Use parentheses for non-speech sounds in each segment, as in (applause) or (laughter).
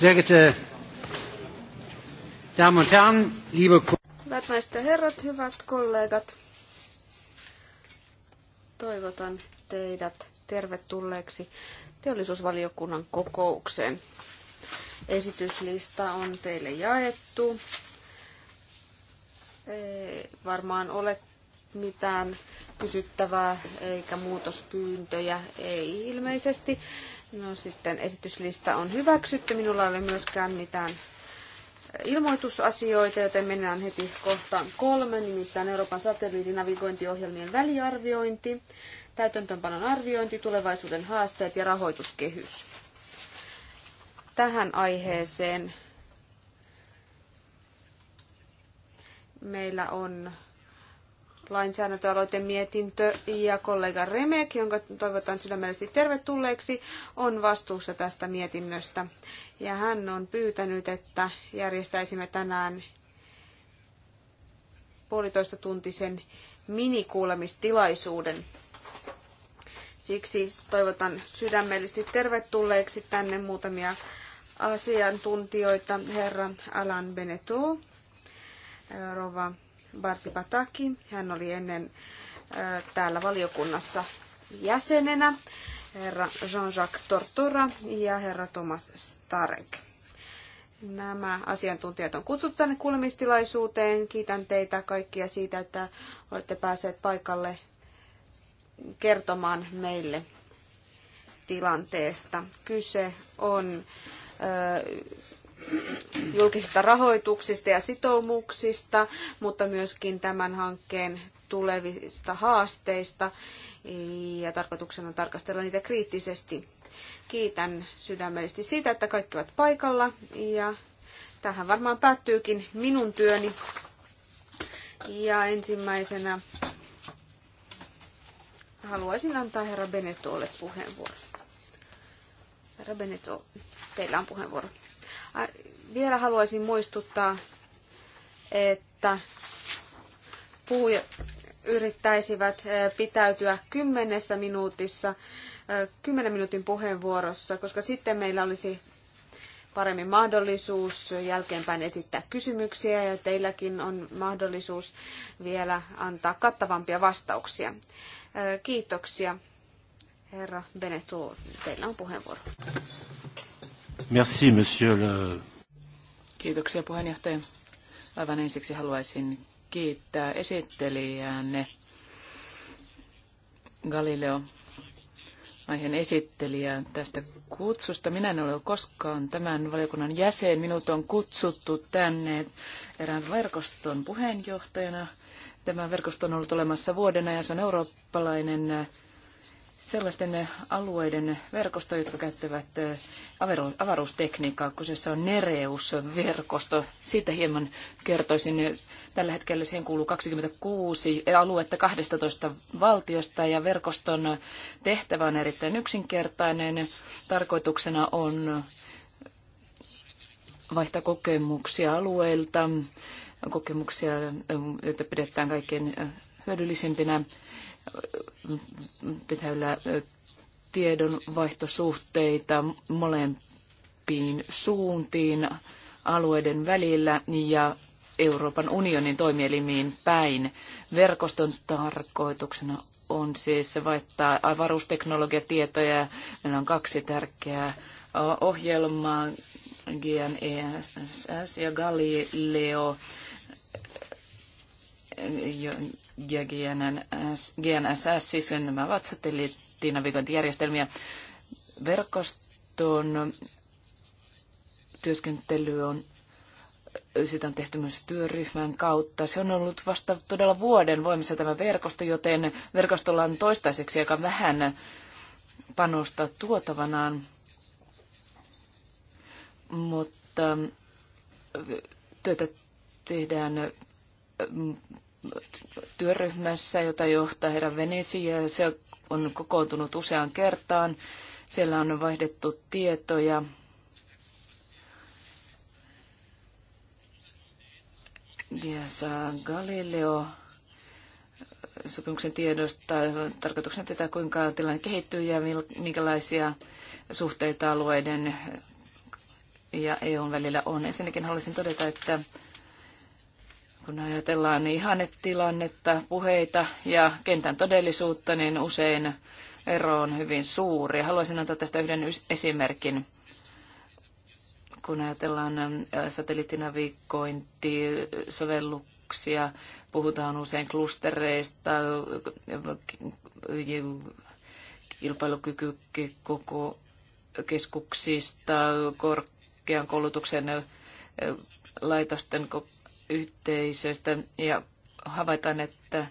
Sehr geehrte Damen und Herren, liebe Hyvät naiset ja herrat, hyvät kollegat, toivotan teidät tervetulleeksi teollisuusvaliokunnan kokoukseen. Esityslista on teille jaettu. Ei varmaan ole mitään kysyttävää eikä muutospyyntöjä, ei ilmeisesti. No sitten esityslista on hyväksytty. Minulla ei ole myöskään mitään ilmoitusasioita, joten mennään heti kohtaan kolme, nimittäin Euroopan satelliitinavigointiohjelmien väliarviointi, täytäntöönpanon arviointi, tulevaisuuden haasteet ja rahoituskehys. Tähän aiheeseen meillä on lainsäädäntöaloitemietintö ja kollega Remek, jonka toivotan sydämellisesti tervetulleeksi, on vastuussa tästä mietinnöstä. Ja hän on pyytänyt, että järjestäisimme tänään puolitoista tuntisen minikuulemistilaisuuden. Siksi toivotan sydämellisesti tervetulleeksi tänne muutamia asiantuntijoita, herra Alan Benetou, rova Barsi Pataki. Hän oli ennen täällä valiokunnassa jäsenenä, herra Jean-Jacques Tortora ja herra Thomas Starek. Nämä asiantuntijat on kutsuttu tänne kuulemistilaisuuteen. Kiitän teitä kaikkia siitä, että olette päässeet paikalle kertomaan meille tilanteesta. Kyse on julkisista rahoituksista ja sitoumuksista, mutta myöskin tämän hankkeen tulevista haasteista ja tarkoituksena on tarkastella niitä kriittisesti. Kiitän sydämellisesti siitä, että kaikki ovat paikalla ja tähän varmaan päättyykin minun työni. Ja ensimmäisenä haluaisin antaa herra Benetolle puheenvuoron. Herra Beneto, teillä on puheenvuoro. Vielä haluaisin muistuttaa, että puhujat yrittäisivät e, pitäytyä kymmenessä minuutissa, e, kymmenen minuutin puheenvuorossa, koska sitten meillä olisi paremmin mahdollisuus jälkeenpäin esittää kysymyksiä ja teilläkin on mahdollisuus vielä antaa kattavampia vastauksia. E, kiitoksia. Herra Benetu, teillä on puheenvuoro. Merci, monsieur le... Kiitoksia puheenjohtaja. Aivan ensiksi haluaisin kiittää esittelijäänne Galileo aiheen esittelijää tästä kutsusta. Minä en ole koskaan tämän valiokunnan jäsen. Minut on kutsuttu tänne erään verkoston puheenjohtajana. Tämä verkosto on ollut olemassa vuoden ajan. se on eurooppalainen sellaisten alueiden verkosto, jotka käyttävät avaruustekniikkaa. Kyseessä on Nereus-verkosto. Siitä hieman kertoisin. Tällä hetkellä siihen kuuluu 26 aluetta 12 valtiosta ja verkoston tehtävä on erittäin yksinkertainen. Tarkoituksena on vaihtaa kokemuksia alueilta, kokemuksia, joita pidetään kaikkein hyödyllisimpinä pitää yllä tiedonvaihtosuhteita molempiin suuntiin alueiden välillä ja Euroopan unionin toimielimiin päin. Verkoston tarkoituksena on siis vaihtaa avaruusteknologiatietoja. Meillä on kaksi tärkeää ohjelmaa, GNESS ja Galileo, ja GNS, GNSS, siis nämä ovat satelliittinavigointijärjestelmiä. Verkoston työskentely on sitä on tehty myös työryhmän kautta. Se on ollut vasta todella vuoden voimassa tämä verkosto, joten verkostolla on toistaiseksi aika vähän panosta tuotavanaan. Mutta työtä tehdään työryhmässä, jota johtaa herra Venesi, ja se on kokoontunut useaan kertaan. Siellä on vaihdettu tietoja. Ja saa Galileo eh, sopimuksen tiedosta tarkoituksena tätä, kuinka tilanne kehittyy ja minkälaisia suhteita alueiden ja EUn välillä on. Ensinnäkin haluaisin todeta, että kun ajatellaan niin ihannetilannetta, puheita ja kentän todellisuutta, niin usein ero on hyvin suuri. Haluaisin antaa tästä yhden esimerkin. Kun ajatellaan ähm, satelliittinavigointisovelluksia, puhutaan usein klustereista, kilpailukykykeskuksista, korkean koulutuksen äh, laitosten yhteisöistä ja havaitaan, että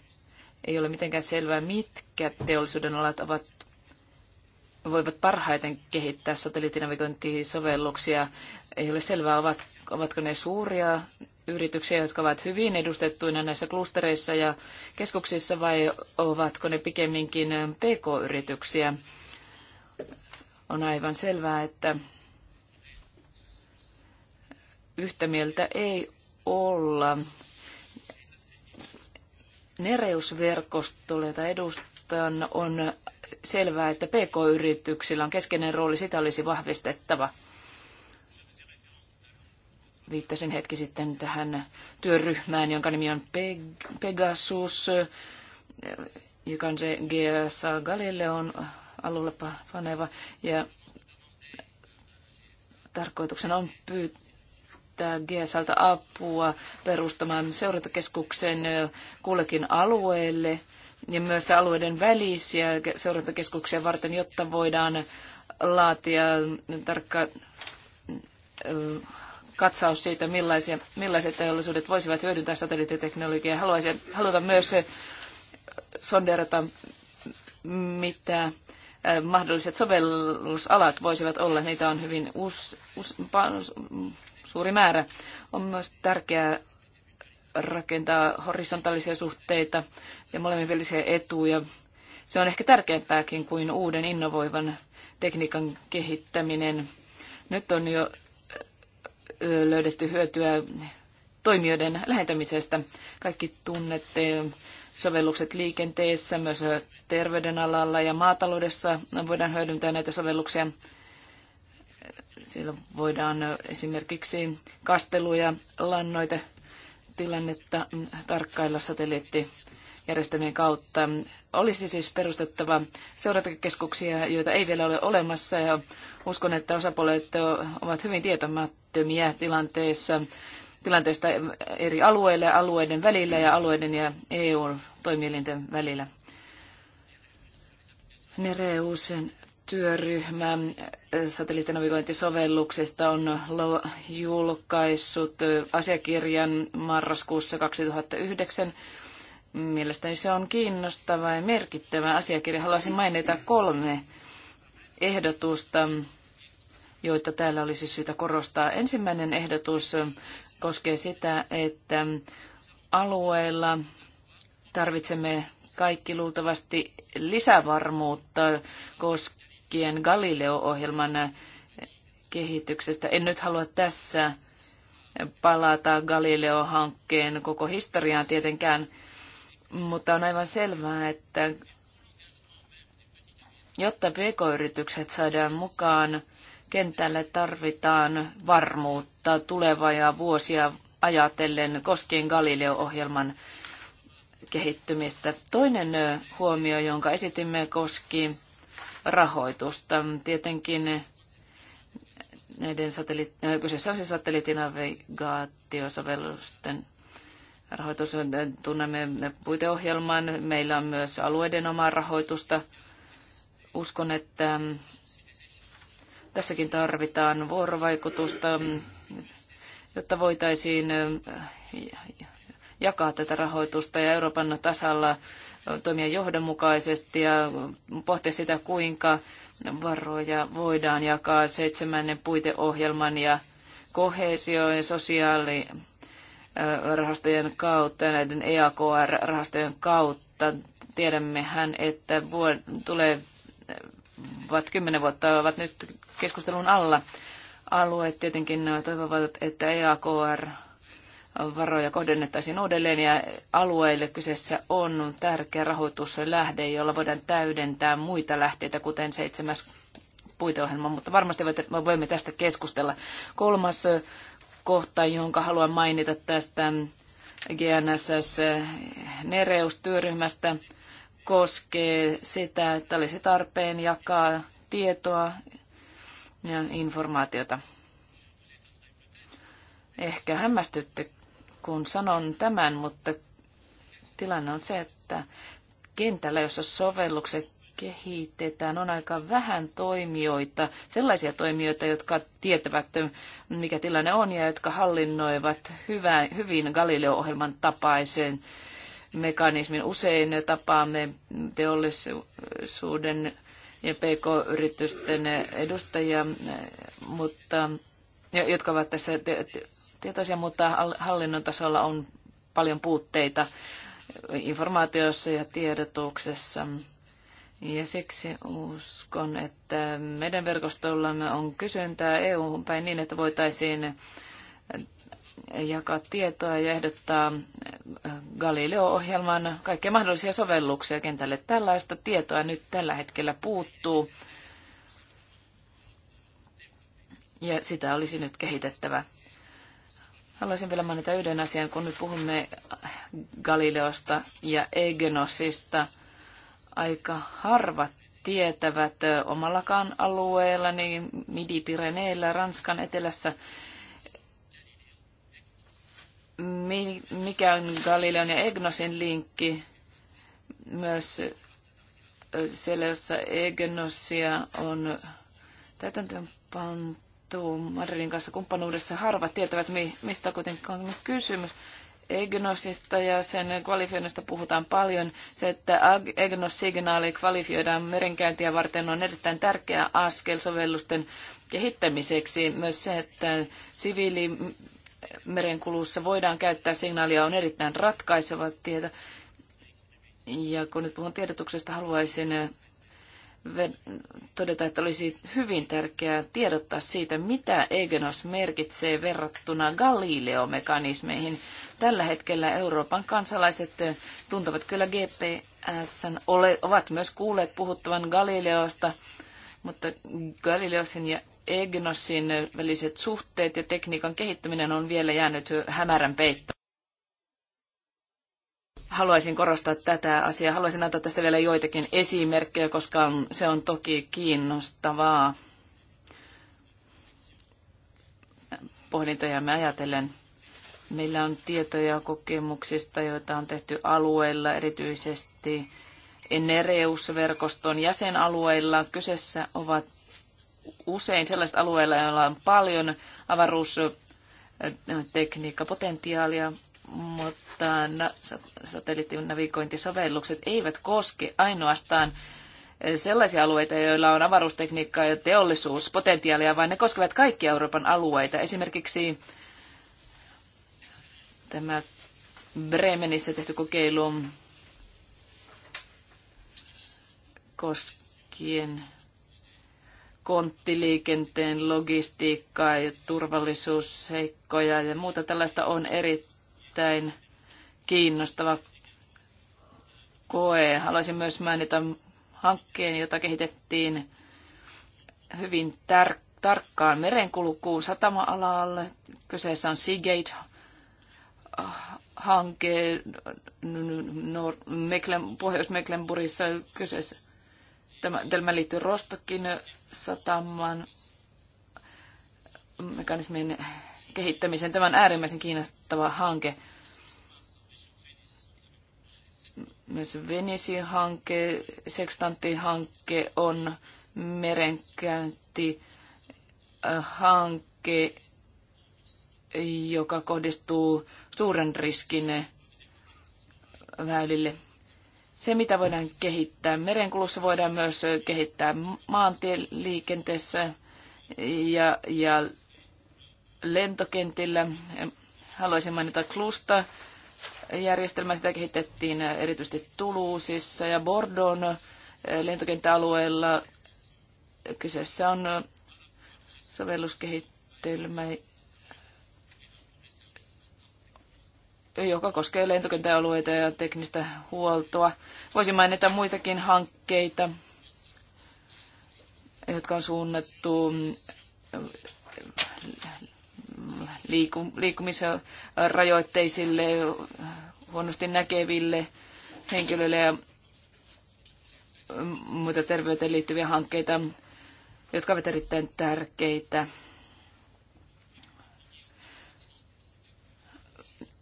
ei ole mitenkään selvää, mitkä teollisuuden alat ovat, voivat parhaiten kehittää satelliittinavigointisovelluksia. Ei ole selvää, ovat, ovatko ne suuria yrityksiä, jotka ovat hyvin edustettuina näissä klustereissa ja keskuksissa, vai ovatko ne pikemminkin pk-yrityksiä. On aivan selvää, että yhtä mieltä ei olla nereusverkostolle, jota edustan, on selvää, että PK-yrityksillä on keskeinen rooli, sitä olisi vahvistettava. Viittasin hetki sitten tähän työryhmään, jonka nimi on Pegasus, joka on se GSA Galileon alulle paneva. Ja tarkoituksena on pyy- pyytää GSLtä apua perustamaan seurantakeskuksen kullekin alueelle ja myös alueiden välisiä seurantakeskuksia varten, jotta voidaan laatia tarkka katsaus siitä, millaisia, millaiset teollisuudet voisivat hyödyntää satelliittiteknologiaa. Haluaisin, haluta myös sonderata, mitä mahdolliset sovellusalat voisivat olla. Niitä on hyvin us, us, suuri määrä. On myös tärkeää rakentaa horisontaalisia suhteita ja molemminvälisiä etuja. Se on ehkä tärkeämpääkin kuin uuden innovoivan tekniikan kehittäminen. Nyt on jo löydetty hyötyä toimijoiden lähentämisestä. Kaikki tunnette sovellukset liikenteessä, myös terveydenalalla ja maataloudessa voidaan hyödyntää näitä sovelluksia. Siellä voidaan esimerkiksi kastelu- ja lannoitetilannetta tarkkailla satelliittijärjestelmien kautta. Olisi siis perustettava seurantakeskuksia, joita ei vielä ole olemassa ja uskon, että osapuolet ovat hyvin tietämättömiä tilanteessa, tilanteesta eri alueille, alueiden välillä ja alueiden ja EU-toimielinten välillä. Nereusen työryhmä satelliittinavigointisovelluksesta on julkaissut asiakirjan marraskuussa 2009. Mielestäni se on kiinnostava ja merkittävä asiakirja. Haluaisin mainita kolme ehdotusta, joita täällä olisi syytä korostaa. Ensimmäinen ehdotus koskee sitä, että alueilla tarvitsemme kaikki luultavasti lisävarmuutta koska koskien Galileo-ohjelman kehityksestä. En nyt halua tässä palata Galileo-hankkeen koko historiaan tietenkään, mutta on aivan selvää, että jotta pk-yritykset saadaan mukaan, kentälle tarvitaan varmuutta tulevaa vuosia ajatellen koskien Galileo-ohjelman kehittymistä. Toinen huomio, jonka esitimme, koski rahoitusta. Tietenkin näiden satelliit- äh, kyseessä on siis satelliittinavigaatiosovellusten rahoitus. Tunnemme puiteohjelman. Meillä on myös alueiden omaa rahoitusta. Uskon, että tässäkin tarvitaan vuorovaikutusta, jotta voitaisiin äh, jakaa tätä rahoitusta ja Euroopan tasalla toimia johdonmukaisesti ja pohtia sitä, kuinka varoja voidaan jakaa seitsemännen puiteohjelman ja kohesio- ja sosiaalirahastojen kautta ja näiden EAKR-rahastojen kautta. Tiedämmehän, että vuod- tulevat kymmenen vuotta ovat nyt keskustelun alla. Alueet tietenkin toivovat, että EAKR varoja kohdennettaisiin uudelleen ja alueille kyseessä on tärkeä rahoituslähde, jolla voidaan täydentää muita lähteitä, kuten seitsemäs puiteohjelma, mutta varmasti voimme tästä keskustella. Kolmas kohta, jonka haluan mainita tästä GNSS-nereustyöryhmästä, koskee sitä, että olisi tarpeen jakaa tietoa ja informaatiota. Ehkä hämmästytte kun sanon tämän, mutta tilanne on se, että kentällä, jossa sovellukset kehitetään, on aika vähän toimijoita, sellaisia toimijoita, jotka tietävät, mikä tilanne on ja jotka hallinnoivat hyvä, hyvin Galileo-ohjelman tapaisen mekanismin. Usein tapaamme teollisuuden ja pk-yritysten edustajia, mutta, jotka ovat tässä tietoisia, mutta hallinnon tasolla on paljon puutteita informaatiossa ja tiedotuksessa. Ja siksi uskon, että meidän verkostollamme on kysyntää EU-hun päin niin, että voitaisiin jakaa tietoa ja ehdottaa Galileo-ohjelman kaikkia mahdollisia sovelluksia kentälle. Tällaista tietoa nyt tällä hetkellä puuttuu ja sitä olisi nyt kehitettävä. Haluaisin vielä mainita yhden asian, kun nyt puhumme Galileosta ja Egenosista. Aika harvat tietävät omallakaan alueella, niin Midi-Pireneillä, Ranskan etelässä, mikä on Galileon ja Egnosin linkki. Myös siellä, jossa Egnosia on täytäntöön pantu sovittu Madridin kanssa kumppanuudessa. Harvat tietävät, mistä kuitenkin on kysymys. Egnosista ja sen kvalifioinnista puhutaan paljon. Se, että Egnos-signaali kvalifioidaan merenkäyntiä varten on erittäin tärkeä askel sovellusten kehittämiseksi. Myös se, että siviili merenkulussa voidaan käyttää signaalia on erittäin ratkaiseva tieto. Ja kun nyt puhun tiedotuksesta, haluaisin todeta, että olisi hyvin tärkeää tiedottaa siitä, mitä Egenos merkitsee verrattuna Galileo-mekanismeihin. Tällä hetkellä Euroopan kansalaiset tuntuvat kyllä GPS, ole, ovat myös kuulleet puhuttavan Galileosta, mutta Galileosin ja Egnosin väliset suhteet ja tekniikan kehittyminen on vielä jäänyt hämärän peittoon. Haluaisin korostaa tätä asiaa. Haluaisin antaa tästä vielä joitakin esimerkkejä, koska se on toki kiinnostavaa me ajatellen. Meillä on tietoja kokemuksista, joita on tehty alueilla, erityisesti Nereus-verkoston jäsenalueilla. Kyseessä ovat usein sellaiset alueilla, joilla on paljon avaruustekniikkapotentiaalia, mutta satelliittinavigointisovellukset eivät koske ainoastaan sellaisia alueita, joilla on avaruustekniikkaa ja teollisuuspotentiaalia, vaan ne koskevat kaikkia Euroopan alueita. Esimerkiksi tämä Bremenissä tehty kokeilu koskien konttiliikenteen logistiikkaa ja turvallisuusseikkoja ja muuta tällaista on eri, erittäin kiinnostava koe. Haluaisin myös mainita hankkeen, jota kehitettiin hyvin tar- tarkkaan merenkulkuun satama-alalle. Kyseessä on Seagate-hanke äh, Nor- Mecklen- Pohjois-Mecklenburgissa kyseessä. Tämä, tämä liittyy Rostokin sataman mekanismin kehittämiseen. Tämä on äärimmäisen kiinnostava hanke. Myös Venesi-hanke, sekstantti hanke on merenkäynti äh, hanke, joka kohdistuu suuren riskin väylille. Se, mitä voidaan kehittää merenkulussa, voidaan myös kehittää maantieliikenteessä ja, ja lentokentillä. Haluaisin mainita Klusta. Järjestelmä sitä kehitettiin erityisesti Tuluusissa ja Bordon lentokenttäalueella. Kyseessä on sovelluskehittelmä, joka koskee lentokenttäalueita ja teknistä huoltoa. Voisin mainita muitakin hankkeita, jotka on suunnattu liikkumisrajoitteisille, huonosti näkeville henkilöille ja mm, muita terveyteen liittyviä hankkeita, jotka ovat erittäin tärkeitä.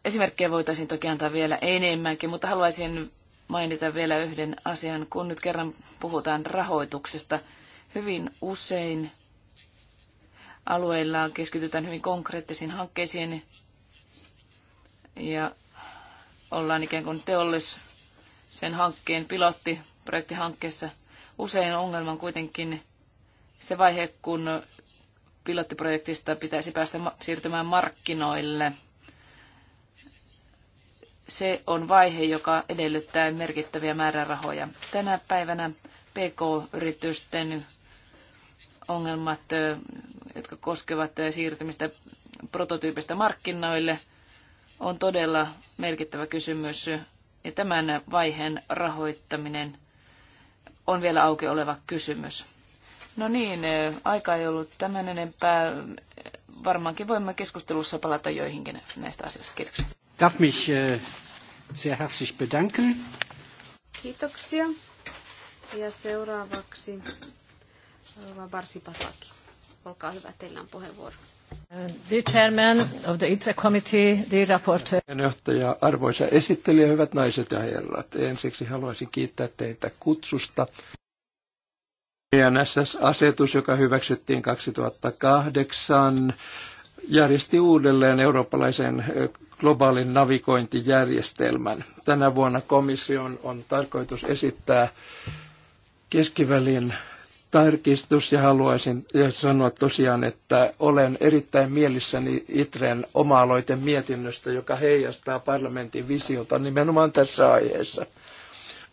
Esimerkkejä voitaisiin toki antaa vielä enemmänkin, mutta haluaisin mainita vielä yhden asian. Kun nyt kerran puhutaan rahoituksesta, hyvin usein alueilla keskitytään hyvin konkreettisiin hankkeisiin ja ollaan ikään kuin teollis sen hankkeen pilotti projektihankkeessa. Usein ongelma on kuitenkin se vaihe, kun pilottiprojektista pitäisi päästä siirtymään markkinoille. Se on vaihe, joka edellyttää merkittäviä määrärahoja. Tänä päivänä PK-yritysten ongelmat jotka koskevat eh, siirtymistä prototyypistä markkinoille, on todella merkittävä kysymys. Ja tämän vaiheen rahoittaminen on vielä auki oleva kysymys. No niin, eh, aika ei ollut tämän enempää. Varmaankin voimme keskustelussa palata joihinkin näistä asioista. Kiitoksia. Darf mich eh, sehr herzlich bedanken. Kiitoksia. Ja seuraavaksi Rova Pataki. Olkaa hyvä, teillä on puheenvuoro. The chairman of the committee, the rapporteur. arvoisa esittelijä, hyvät naiset ja herrat. Ensiksi haluaisin kiittää teitä kutsusta. pnss asetus joka hyväksyttiin 2008, järjesti uudelleen eurooppalaisen globaalin navigointijärjestelmän. Tänä vuonna komission on tarkoitus esittää keskivälin tarkistus ja haluaisin sanoa tosiaan, että olen erittäin mielissäni Itren oma mietinnöstä, joka heijastaa parlamentin visiota nimenomaan tässä aiheessa.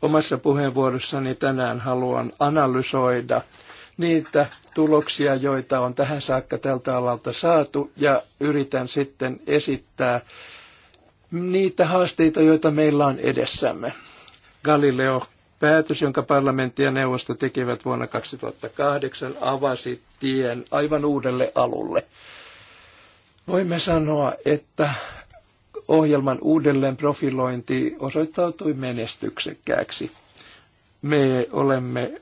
Omassa puheenvuorossani tänään haluan analysoida niitä tuloksia, joita on tähän saakka tältä alalta saatu ja yritän sitten esittää niitä haasteita, joita meillä on edessämme. Galileo Päätös, jonka parlamentti ja neuvosto tekivät vuonna 2008, avasi tien aivan uudelle alulle. Voimme sanoa, että ohjelman uudelleen profilointi osoittautui menestyksekkääksi. Me olemme,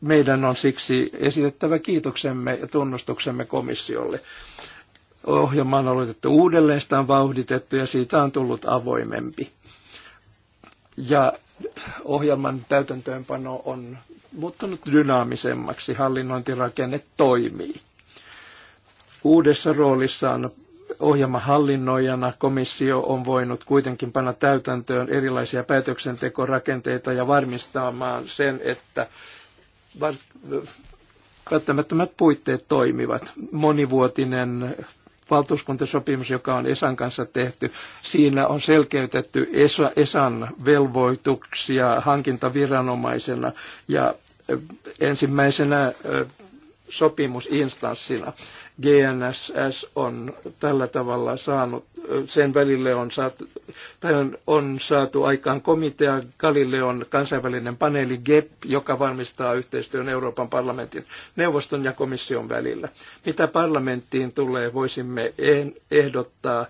meidän on siksi esitettävä kiitoksemme ja tunnustuksemme komissiolle. Ohjelma on aloitettu uudelleen, sitä on vauhditettu ja siitä on tullut avoimempi. Ja ohjelman täytäntöönpano on muuttunut dynaamisemmaksi, hallinnointirakenne toimii. Uudessa roolissaan ohjelmahallinnoijana komissio on voinut kuitenkin panna täytäntöön erilaisia päätöksentekorakenteita ja varmistamaan sen, että välttämättömät puitteet toimivat. Monivuotinen valtuuskuntasopimus, joka on Esan kanssa tehty, siinä on selkeytetty Esa, Esan velvoituksia hankintaviranomaisena ja ensimmäisenä sopimusinstanssina. GNSS on tällä tavalla saanut, sen välille on saatu, tai on, on saatu aikaan komitea Galileon kansainvälinen paneeli GEP, joka valmistaa yhteistyön Euroopan parlamentin neuvoston ja komission välillä. Mitä parlamenttiin tulee, voisimme ehdottaa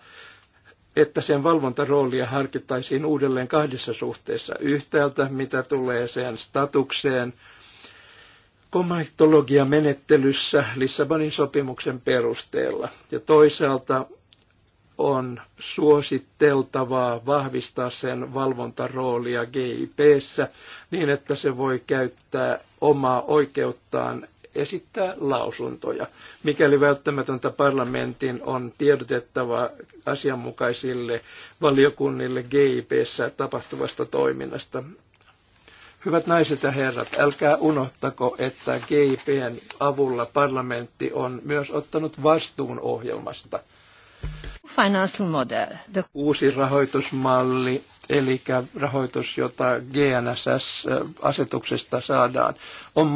että sen valvontaroolia harkittaisiin uudelleen kahdessa suhteessa. Yhtäältä, mitä tulee sen statukseen, menettelyssä Lissabonin sopimuksen perusteella. Ja toisaalta on suositteltavaa vahvistaa sen valvontaroolia GIPssä niin, että se voi käyttää omaa oikeuttaan esittää lausuntoja. Mikäli välttämätöntä parlamentin on tiedotettava asianmukaisille valiokunnille GIPssä tapahtuvasta toiminnasta. Hyvät naiset ja herrat, älkää unohtako, että GIPn avulla parlamentti on myös ottanut vastuun ohjelmasta. model. The... Uusi rahoitusmalli, eli rahoitus, jota GNSS-asetuksesta saadaan, on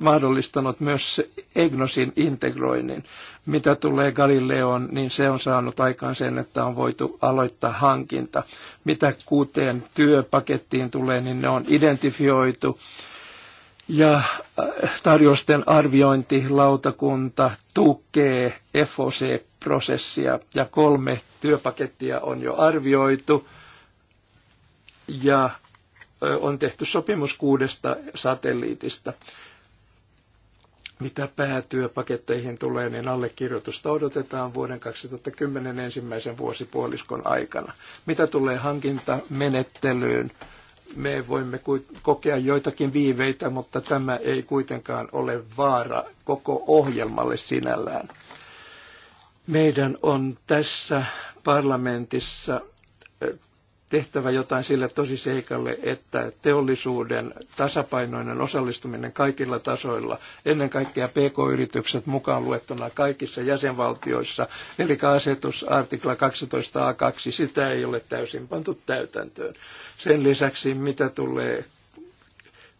mahdollistanut myös EGNOSin integroinnin mitä tulee Galileoon, niin se on saanut aikaan sen, että on voitu aloittaa hankinta. Mitä kuuteen työpakettiin tulee, niin ne on identifioitu. Ja äh, tarjousten arviointilautakunta tukee FOC-prosessia ja kolme työpakettia on jo arvioitu. Ja äh, on tehty sopimus kuudesta satelliitista. Mitä päätyöpaketteihin tulee, niin allekirjoitusta odotetaan vuoden 2010 ensimmäisen vuosipuoliskon aikana. Mitä tulee hankintamenettelyyn, me voimme kokea joitakin viiveitä, mutta tämä ei kuitenkaan ole vaara koko ohjelmalle sinällään. Meidän on tässä parlamentissa tehtävä jotain sille tosiseikalle, että teollisuuden tasapainoinen osallistuminen kaikilla tasoilla, ennen kaikkea PK-yritykset mukaan luettuna kaikissa jäsenvaltioissa, eli asetus artikla 12a2, sitä ei ole täysin pantu täytäntöön. Sen lisäksi, mitä tulee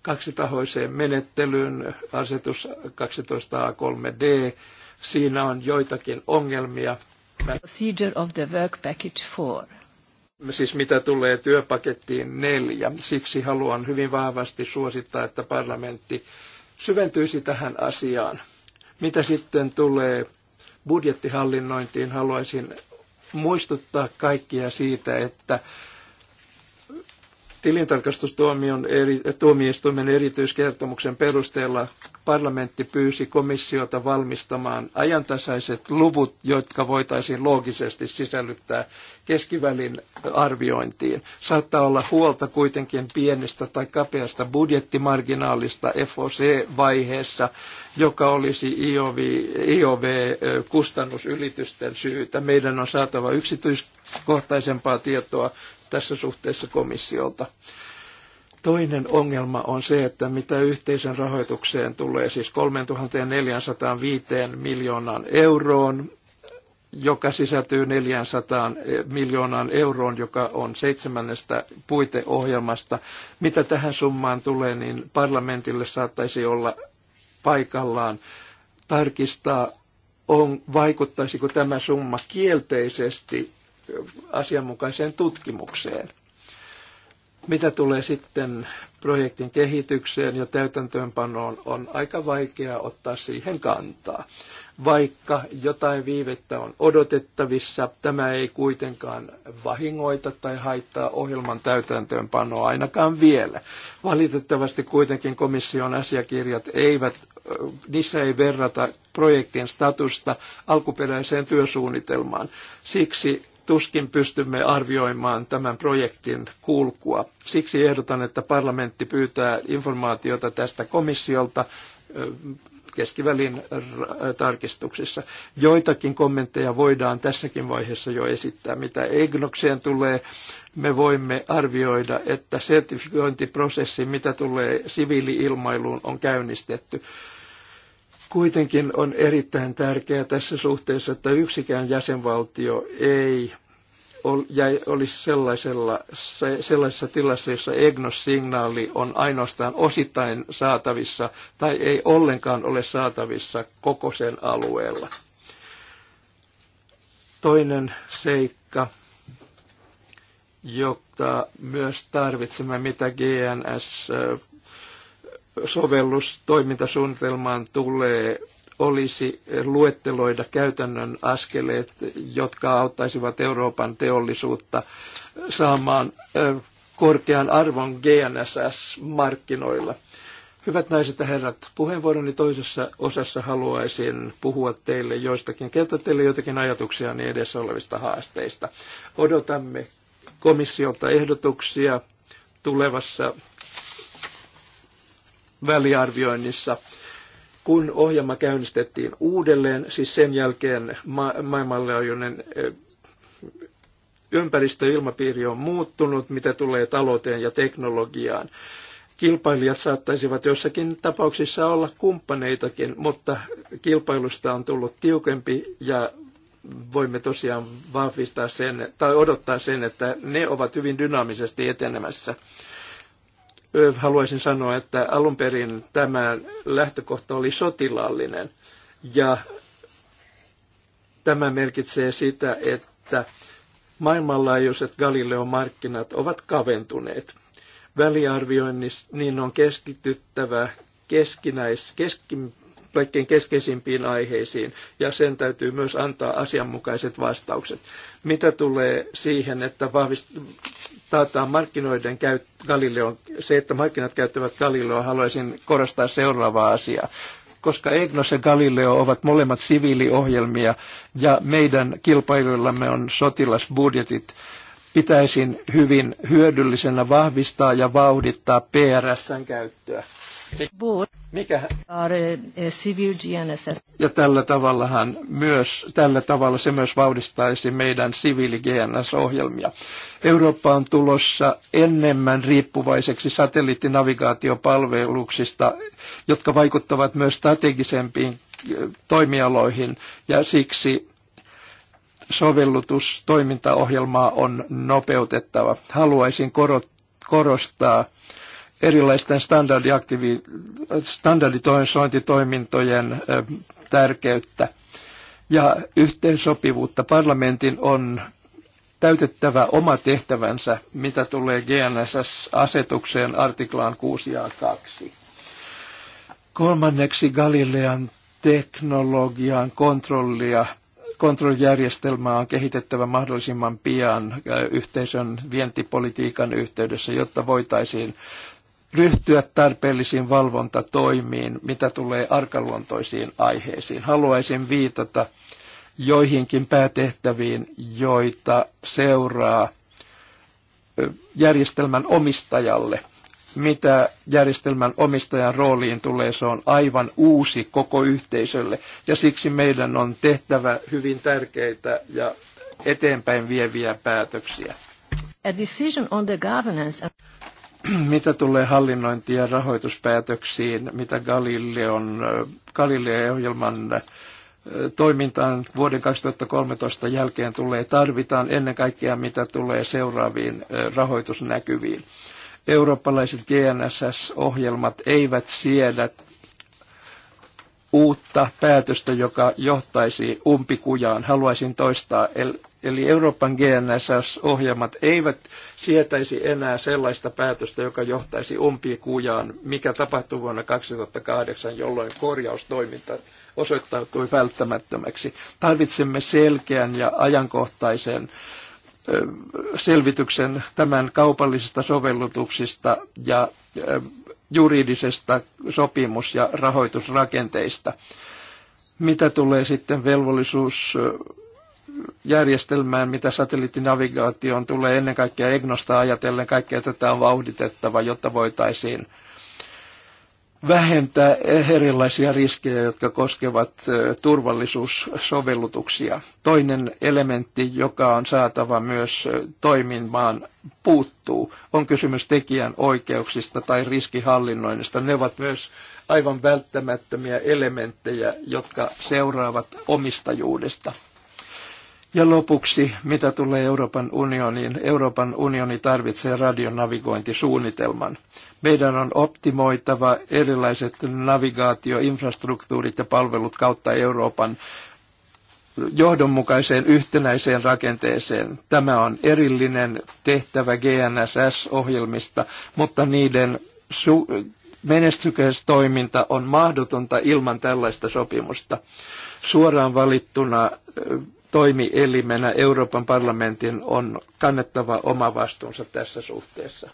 kaksitahoiseen menettelyyn, asetus 12a3d, siinä on joitakin ongelmia. Procedure of the work package 4 siis mitä tulee työpakettiin neljä. Siksi haluan hyvin vahvasti suosittaa, että parlamentti syventyisi tähän asiaan. Mitä sitten tulee budjettihallinnointiin, haluaisin muistuttaa kaikkia siitä, että Tilintarkastustuomion eri, tuomioistuimen erityiskertomuksen perusteella parlamentti pyysi komissiota valmistamaan ajantasaiset luvut, jotka voitaisiin loogisesti sisällyttää keskivälin arviointiin. Saattaa olla huolta kuitenkin pienestä tai kapeasta budjettimarginaalista FOC-vaiheessa, joka olisi IOV-kustannusylitysten syytä. Meidän on saatava yksityiskohtaisempaa tietoa tässä suhteessa komissiolta. Toinen ongelma on se, että mitä yhteisön rahoitukseen tulee, siis 3405 miljoonaan euroon, joka sisältyy 400 eh, miljoonaan euroon, joka on seitsemännestä puiteohjelmasta. Mitä tähän summaan tulee, niin parlamentille saattaisi olla paikallaan tarkistaa, on, vaikuttaisiko tämä summa kielteisesti asianmukaiseen tutkimukseen. Mitä tulee sitten projektin kehitykseen ja täytäntöönpanoon, on aika vaikea ottaa siihen kantaa. Vaikka jotain viivettä on odotettavissa, tämä ei kuitenkaan vahingoita tai haittaa ohjelman täytäntöönpanoa ainakaan vielä. Valitettavasti kuitenkin komission asiakirjat eivät, niissä ei verrata projektin statusta alkuperäiseen työsuunnitelmaan. Siksi tuskin pystymme arvioimaan tämän projektin kulkua. Siksi ehdotan, että parlamentti pyytää informaatiota tästä komissiolta keskivälin tarkistuksissa. Joitakin kommentteja voidaan tässäkin vaiheessa jo esittää. Mitä Egnokseen tulee, me voimme arvioida, että sertifiointiprosessi, mitä tulee siviiliilmailuun, on käynnistetty. Kuitenkin on erittäin tärkeää tässä suhteessa, että yksikään jäsenvaltio ei jäi, olisi sellaisella, sellaisessa tilassa, jossa EGNOS-signaali on ainoastaan osittain saatavissa tai ei ollenkaan ole saatavissa koko sen alueella. Toinen seikka, jota myös tarvitsemme, mitä GNS sovellus toimintasuunnitelmaan tulee olisi luetteloida käytännön askeleet, jotka auttaisivat Euroopan teollisuutta saamaan korkean arvon GNSS-markkinoilla. Hyvät naiset ja herrat, puheenvuoroni toisessa osassa haluaisin puhua teille joistakin, kertoa teille jotakin ajatuksia niin edessä olevista haasteista. Odotamme komissiolta ehdotuksia tulevassa väliarvioinnissa, kun ohjelma käynnistettiin uudelleen, siis sen jälkeen ma- maailmanlaajuinen ympäristöilmapiiri on muuttunut, mitä tulee talouteen ja teknologiaan. Kilpailijat saattaisivat jossakin tapauksissa olla kumppaneitakin, mutta kilpailusta on tullut tiukempi ja voimme tosiaan vahvistaa sen tai odottaa sen, että ne ovat hyvin dynaamisesti etenemässä haluaisin sanoa, että alun perin tämä lähtökohta oli sotilaallinen. Ja tämä merkitsee sitä, että maailmanlaajuiset Galileo-markkinat ovat kaventuneet. Väliarvioinnissa niin on keskityttävä keskinäis, keskin, kaikkein keskeisimpiin aiheisiin, ja sen täytyy myös antaa asianmukaiset vastaukset. Mitä tulee siihen, että taataan markkinoiden käyt- Galileon, se, että markkinat käyttävät Galileoa, haluaisin korostaa seuraavaa asiaa koska Egnos ja Galileo ovat molemmat siviiliohjelmia ja meidän kilpailuillamme on sotilasbudjetit, pitäisin hyvin hyödyllisenä vahvistaa ja vauhdittaa PRSn käyttöä. Mikä? Ja tällä tavallahan myös, tällä tavalla se myös vauhdistaisi meidän siviili-GNS-ohjelmia. Eurooppa on tulossa enemmän riippuvaiseksi satelliittinavigaatiopalveluksista, jotka vaikuttavat myös strategisempiin eh, toimialoihin, ja siksi sovellutustoimintaohjelmaa on nopeutettava. Haluaisin korostaa erilaisten standarditoimintojen tärkeyttä ja yhteensopivuutta. Parlamentin on täytettävä oma tehtävänsä, mitä tulee GNSS-asetukseen artiklaan 6 ja 2. Kolmanneksi Galilean teknologian kontrollia kontrollijärjestelmää on kehitettävä mahdollisimman pian yhteisön vientipolitiikan yhteydessä, jotta voitaisiin ryhtyä tarpeellisiin valvontatoimiin, mitä tulee arkaluontoisiin aiheisiin. Haluaisin viitata joihinkin päätehtäviin, joita seuraa järjestelmän omistajalle. Mitä järjestelmän omistajan rooliin tulee, se on aivan uusi koko yhteisölle ja siksi meidän on tehtävä hyvin tärkeitä ja eteenpäin vieviä päätöksiä. A decision on the governance. (clears throat) mitä tulee hallinnointiin ja rahoituspäätöksiin, mitä Galileon, Galileo-ohjelman toimintaan vuoden 2013 jälkeen tulee tarvitaan, ennen kaikkea mitä tulee seuraaviin rahoitusnäkyviin. Eurooppalaiset GNSS-ohjelmat eivät siedä uutta päätöstä, joka johtaisi umpikujaan. Haluaisin toistaa, Eli Euroopan GNSS-ohjelmat eivät sietäisi enää sellaista päätöstä, joka johtaisi umpikujaan, mikä tapahtui vuonna 2008, jolloin korjaustoiminta osoittautui välttämättömäksi. Tarvitsemme selkeän ja ajankohtaisen selvityksen tämän kaupallisista sovellutuksista ja juridisesta sopimus- ja rahoitusrakenteista. Mitä tulee sitten velvollisuusjärjestelmään, mitä satelliittinavigaatioon tulee ennen kaikkea EGNOSta ajatellen, kaikkea tätä on vauhditettava, jotta voitaisiin vähentää erilaisia riskejä, jotka koskevat turvallisuussovellutuksia. Toinen elementti, joka on saatava myös toimimaan, puuttuu. On kysymys tekijän oikeuksista tai riskihallinnoinnista. Ne ovat myös aivan välttämättömiä elementtejä, jotka seuraavat omistajuudesta. Ja lopuksi, mitä tulee Euroopan unioniin, Euroopan unioni tarvitsee radionavigointisuunnitelman. Meidän on optimoitava erilaiset navigaatioinfrastruktuurit ja palvelut kautta Euroopan johdonmukaiseen yhtenäiseen rakenteeseen. Tämä on erillinen tehtävä GNSS-ohjelmista, mutta niiden su- toiminta on mahdotonta ilman tällaista sopimusta. Suoraan valittuna toimielimenä Euroopan parlamentin on kannettava oma vastuunsa tässä suhteessa.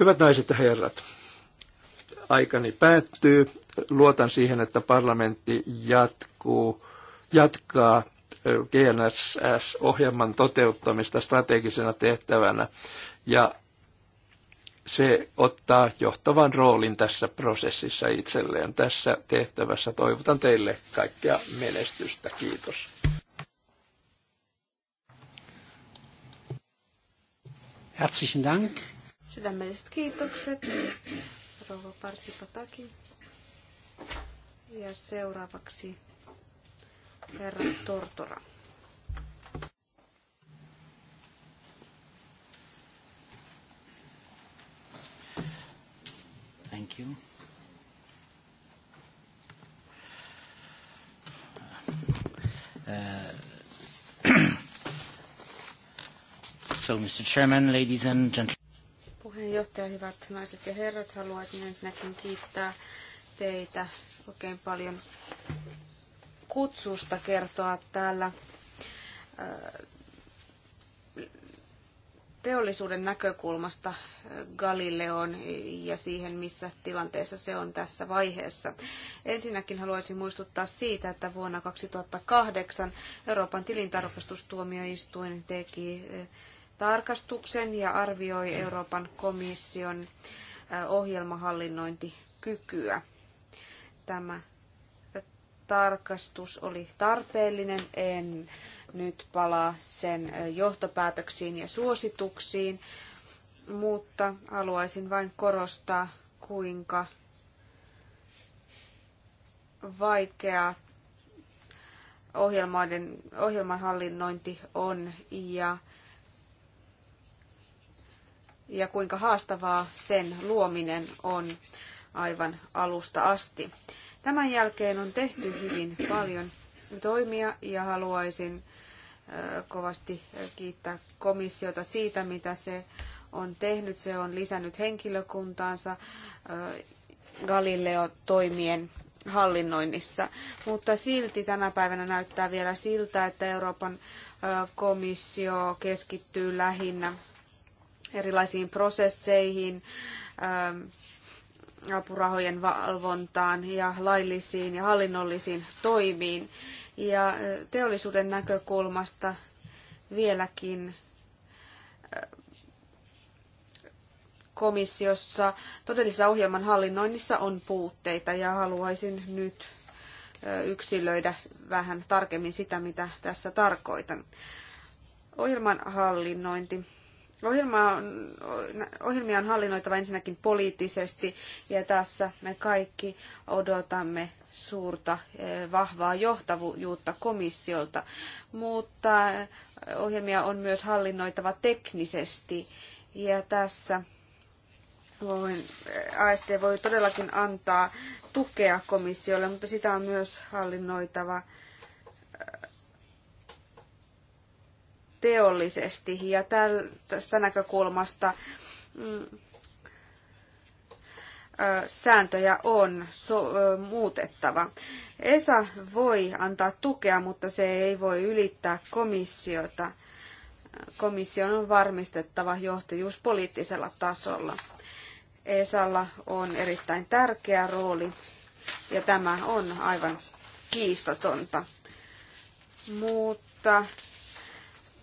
Hyvät naiset ja herrat, aikani päättyy. Luotan siihen, että parlamentti jatkuu, jatkaa GNSS-ohjelman toteuttamista strategisena tehtävänä ja se ottaa johtavan roolin tässä prosessissa itselleen tässä tehtävässä. Toivotan teille kaikkea menestystä. Kiitos. Herzlichen Dank. Sydämelliset kiitokset. Rouva Parsipataki. Ja seuraavaksi herra Tortora. Thank you. Uh, (coughs) so, Mr. Chairman, ladies and gentlemen. Puheenjohtaja, hyvät naiset ja herrat, haluaisin ensinnäkin kiittää teitä oikein paljon kutsusta kertoa täällä teollisuuden näkökulmasta äh, Galileon ja siihen, missä tilanteessa se on tässä vaiheessa. Ensinnäkin haluaisin muistuttaa siitä, että vuonna 2008 Euroopan tilintarkastustuomioistuin teki äh, tarkastuksen ja arvioi Euroopan komission äh, ohjelmahallinnointikykyä. Tämä tarkastus oli tarpeellinen. En nyt palaa sen johtopäätöksiin ja suosituksiin, mutta haluaisin vain korostaa, kuinka vaikea ohjelmaiden, ohjelman hallinnointi on ja, ja kuinka haastavaa sen luominen on aivan alusta asti. Tämän jälkeen on tehty hyvin paljon toimia ja haluaisin kovasti kiittää komissiota siitä, mitä se on tehnyt. Se on lisännyt henkilökuntaansa Galileo-toimien hallinnoinnissa. Mutta silti tänä päivänä näyttää vielä siltä, että Euroopan komissio keskittyy lähinnä erilaisiin prosesseihin, apurahojen valvontaan ja laillisiin ja hallinnollisiin toimiin. Ja teollisuuden näkökulmasta vieläkin komissiossa todellisessa ohjelman hallinnoinnissa on puutteita ja haluaisin nyt yksilöidä vähän tarkemmin sitä, mitä tässä tarkoitan. Ohjelman hallinnointi. Ohjelma on, ohjelmia on hallinnoitava ensinnäkin poliittisesti ja tässä me kaikki odotamme suurta eh, vahvaa johtavuutta komissiolta, mutta eh, ohjelmia on myös hallinnoitava teknisesti ja tässä voin, eh, AST voi todellakin antaa tukea komissiolle, mutta sitä on myös hallinnoitava teollisesti ja tästä näkökulmasta mm, sääntöjä on so, muutettava. ESA voi antaa tukea, mutta se ei voi ylittää komissiota. Komission on varmistettava johtajuus poliittisella tasolla. ESAlla on erittäin tärkeä rooli ja tämä on aivan kiistatonta. Mutta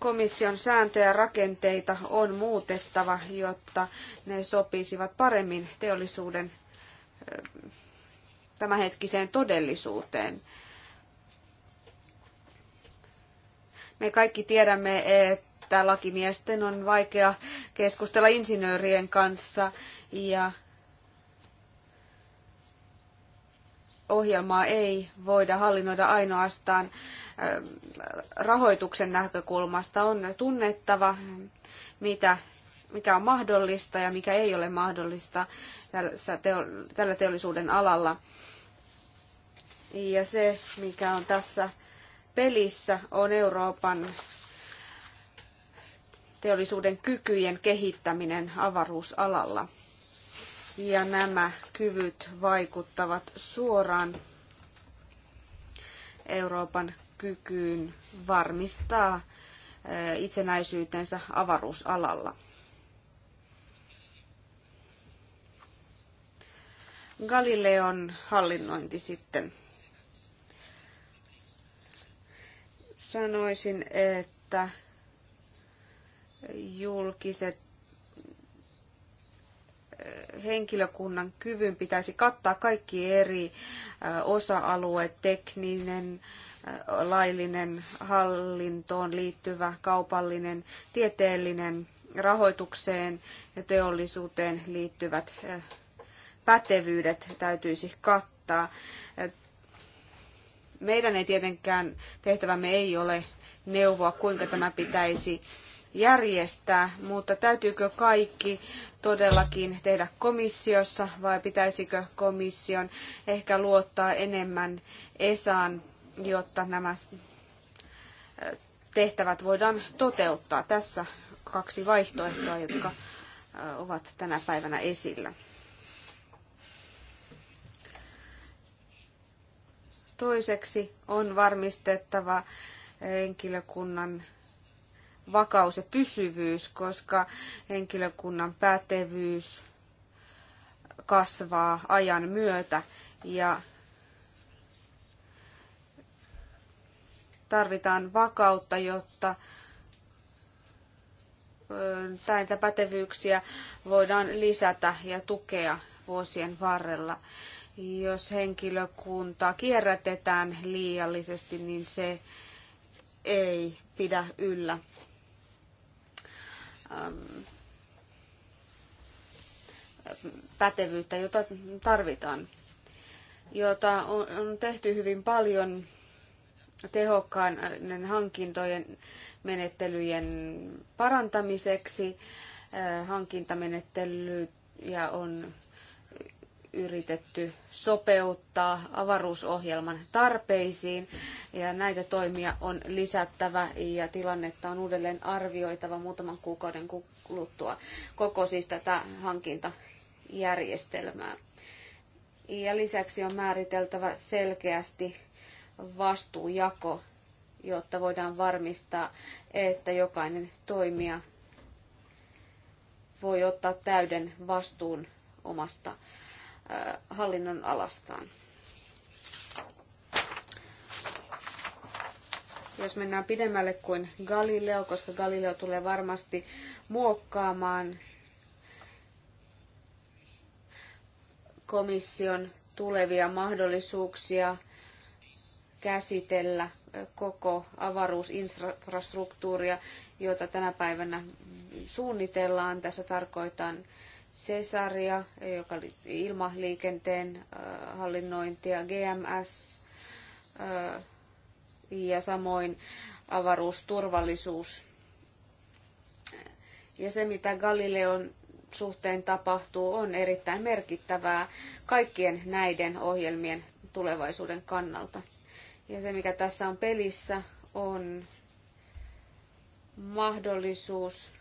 komission sääntöjä ja rakenteita on muutettava, jotta ne sopisivat paremmin teollisuuden tämänhetkiseen todellisuuteen. Me kaikki tiedämme, että lakimiesten on vaikea keskustella insinöörien kanssa ja ohjelmaa ei voida hallinnoida ainoastaan ähm, rahoituksen näkökulmasta. On tunnettava, mitä, mikä on mahdollista ja mikä ei ole mahdollista tällä teollisuuden alalla. Ja se, mikä on tässä pelissä, on Euroopan teollisuuden kykyjen kehittäminen avaruusalalla ja nämä kyvyt vaikuttavat suoraan Euroopan kykyyn varmistaa eh, itsenäisyytensä avaruusalalla. Galileon hallinnointi sitten. Sanoisin, että julkiset henkilökunnan kyvyn pitäisi kattaa kaikki eri osa-alueet, tekninen, laillinen, hallintoon liittyvä, kaupallinen, tieteellinen, rahoitukseen ja teollisuuteen liittyvät pätevyydet täytyisi kattaa. Meidän ei tietenkään tehtävämme ei ole neuvoa, kuinka tämä pitäisi järjestää, mutta täytyykö kaikki todellakin tehdä komissiossa vai pitäisikö komission ehkä luottaa enemmän ESAan, jotta nämä tehtävät voidaan toteuttaa. Tässä kaksi vaihtoehtoa, jotka ovat tänä päivänä esillä. Toiseksi on varmistettava henkilökunnan vakaus ja pysyvyys, koska henkilökunnan pätevyys kasvaa ajan myötä ja tarvitaan vakautta, jotta näitä pätevyyksiä voidaan lisätä ja tukea vuosien varrella. Jos henkilökuntaa kierrätetään liiallisesti, niin se ei pidä yllä Ähm, pätevyyttä, jota tarvitaan, jota on tehty hyvin paljon tehokkaan hankintojen menettelyjen parantamiseksi. Äh, hankintamenettelyjä on yritetty sopeuttaa avaruusohjelman tarpeisiin ja näitä toimia on lisättävä ja tilannetta on uudelleen arvioitava muutaman kuukauden kuluttua koko siis tätä hankintajärjestelmää. Ja lisäksi on määriteltävä selkeästi vastuujako, jotta voidaan varmistaa, että jokainen toimija voi ottaa täyden vastuun omasta Äh, hallinnon alastaan. Jos mennään pidemmälle kuin Galileo, koska Galileo tulee varmasti muokkaamaan komission tulevia mahdollisuuksia käsitellä äh, koko avaruusinfrastruktuuria, jota tänä päivänä suunnitellaan. Tässä tarkoitan Cesaria, joka oli ilmaliikenteen hallinnointia, GMS ja samoin avaruusturvallisuus. Ja se, mitä Galileon suhteen tapahtuu, on erittäin merkittävää kaikkien näiden ohjelmien tulevaisuuden kannalta. Ja se, mikä tässä on pelissä, on mahdollisuus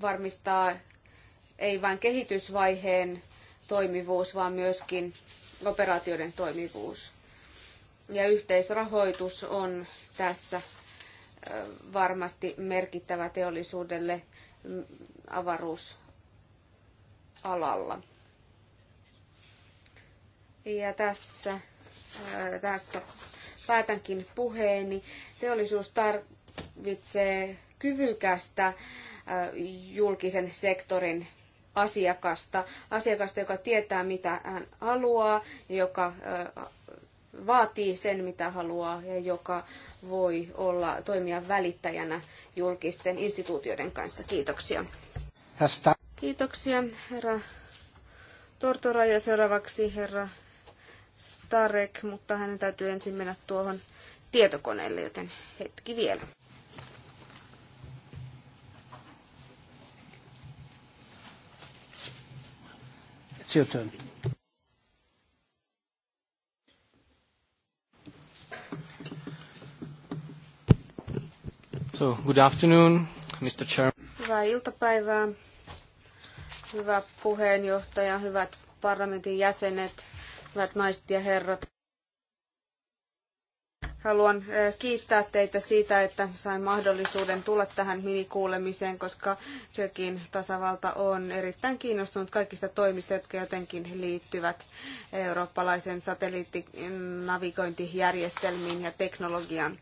varmistaa ei vain kehitysvaiheen toimivuus, vaan myöskin operaatioiden toimivuus. Ja yhteisrahoitus on tässä varmasti merkittävä teollisuudelle avaruusalalla. Ja tässä, tässä päätänkin puheeni. Teollisuus tarvitsee kyvykästä julkisen sektorin asiakasta, asiakasta, joka tietää mitä hän haluaa, joka vaatii sen mitä haluaa ja joka voi olla toimia välittäjänä julkisten instituutioiden kanssa. Kiitoksia. Kiitoksia herra Tortora ja seuraavaksi herra Starek, mutta hänen täytyy ensin mennä tuohon tietokoneelle, joten hetki vielä. It's your turn. So, good afternoon, Mr. Chairman. Hyvää iltapäivää, hyvä puheenjohtaja, hyvät parlamentin jäsenet, hyvät naiset ja herrat. Haluan kiittää teitä siitä, että sain mahdollisuuden tulla tähän minikuulemiseen, koska Tsekin tasavalta on erittäin kiinnostunut kaikista toimista, jotka jotenkin liittyvät eurooppalaisen satelliittinavigointijärjestelmiin ja teknologiaan.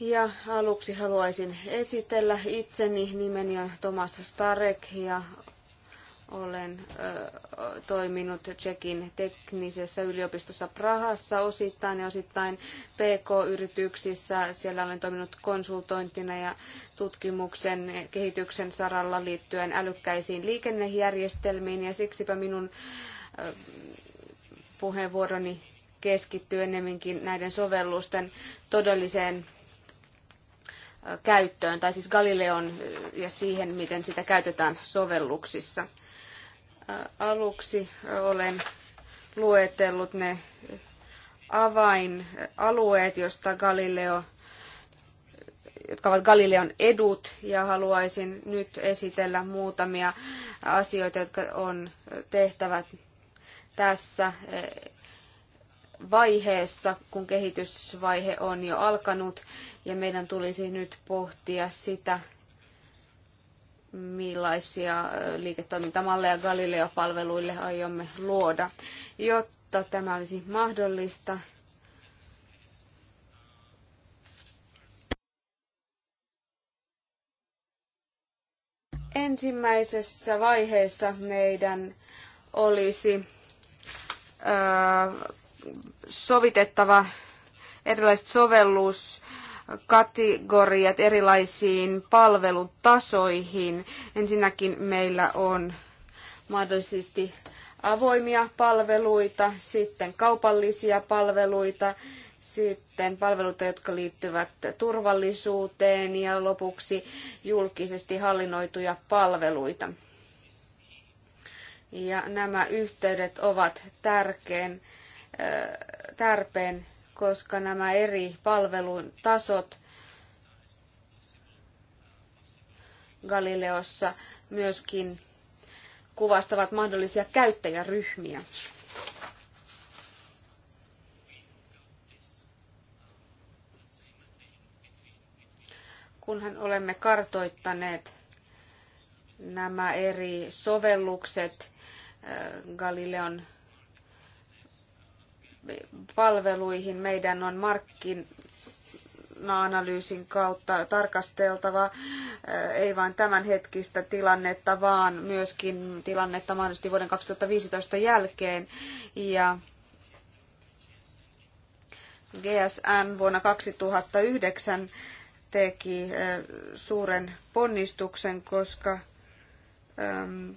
Ja aluksi haluaisin esitellä itseni. Nimeni on Tomas Starek ja olen ö, toiminut Tsekin teknisessä yliopistossa Prahassa osittain ja osittain PK-yrityksissä. Siellä olen toiminut konsultointina ja tutkimuksen kehityksen saralla liittyen älykkäisiin liikennejärjestelmiin ja siksipä minun ö, puheenvuoroni keskittyy enemminkin näiden sovellusten todelliseen käyttöön, tai siis Galileon ja siihen, miten sitä käytetään sovelluksissa aluksi olen luetellut ne avainalueet, josta Galileo, jotka ovat Galileon edut, ja haluaisin nyt esitellä muutamia asioita, jotka on tehtävä tässä eh, vaiheessa, kun kehitysvaihe on jo alkanut, ja meidän tulisi nyt pohtia sitä, millaisia liiketoimintamalleja Galileo-palveluille aiomme luoda, jotta tämä olisi mahdollista. Ensimmäisessä vaiheessa meidän olisi sovitettava erilaiset sovellus kategoriat erilaisiin palvelutasoihin. Ensinnäkin meillä on mahdollisesti avoimia palveluita, sitten kaupallisia palveluita, sitten palveluita, jotka liittyvät turvallisuuteen ja lopuksi julkisesti hallinnoituja palveluita. Ja nämä yhteydet ovat tärkeän, tärpeen koska nämä eri palvelun tasot Galileossa myöskin kuvastavat mahdollisia käyttäjäryhmiä. Kunhan olemme kartoittaneet nämä eri sovellukset äh, Galileon palveluihin. Meidän on markkina-analyysin kautta tarkasteltava eh, ei vain tämänhetkistä tilannetta, vaan myöskin tilannetta mahdollisesti vuoden 2015 jälkeen. Ja GSM vuonna 2009 teki eh, suuren ponnistuksen, koska ehm,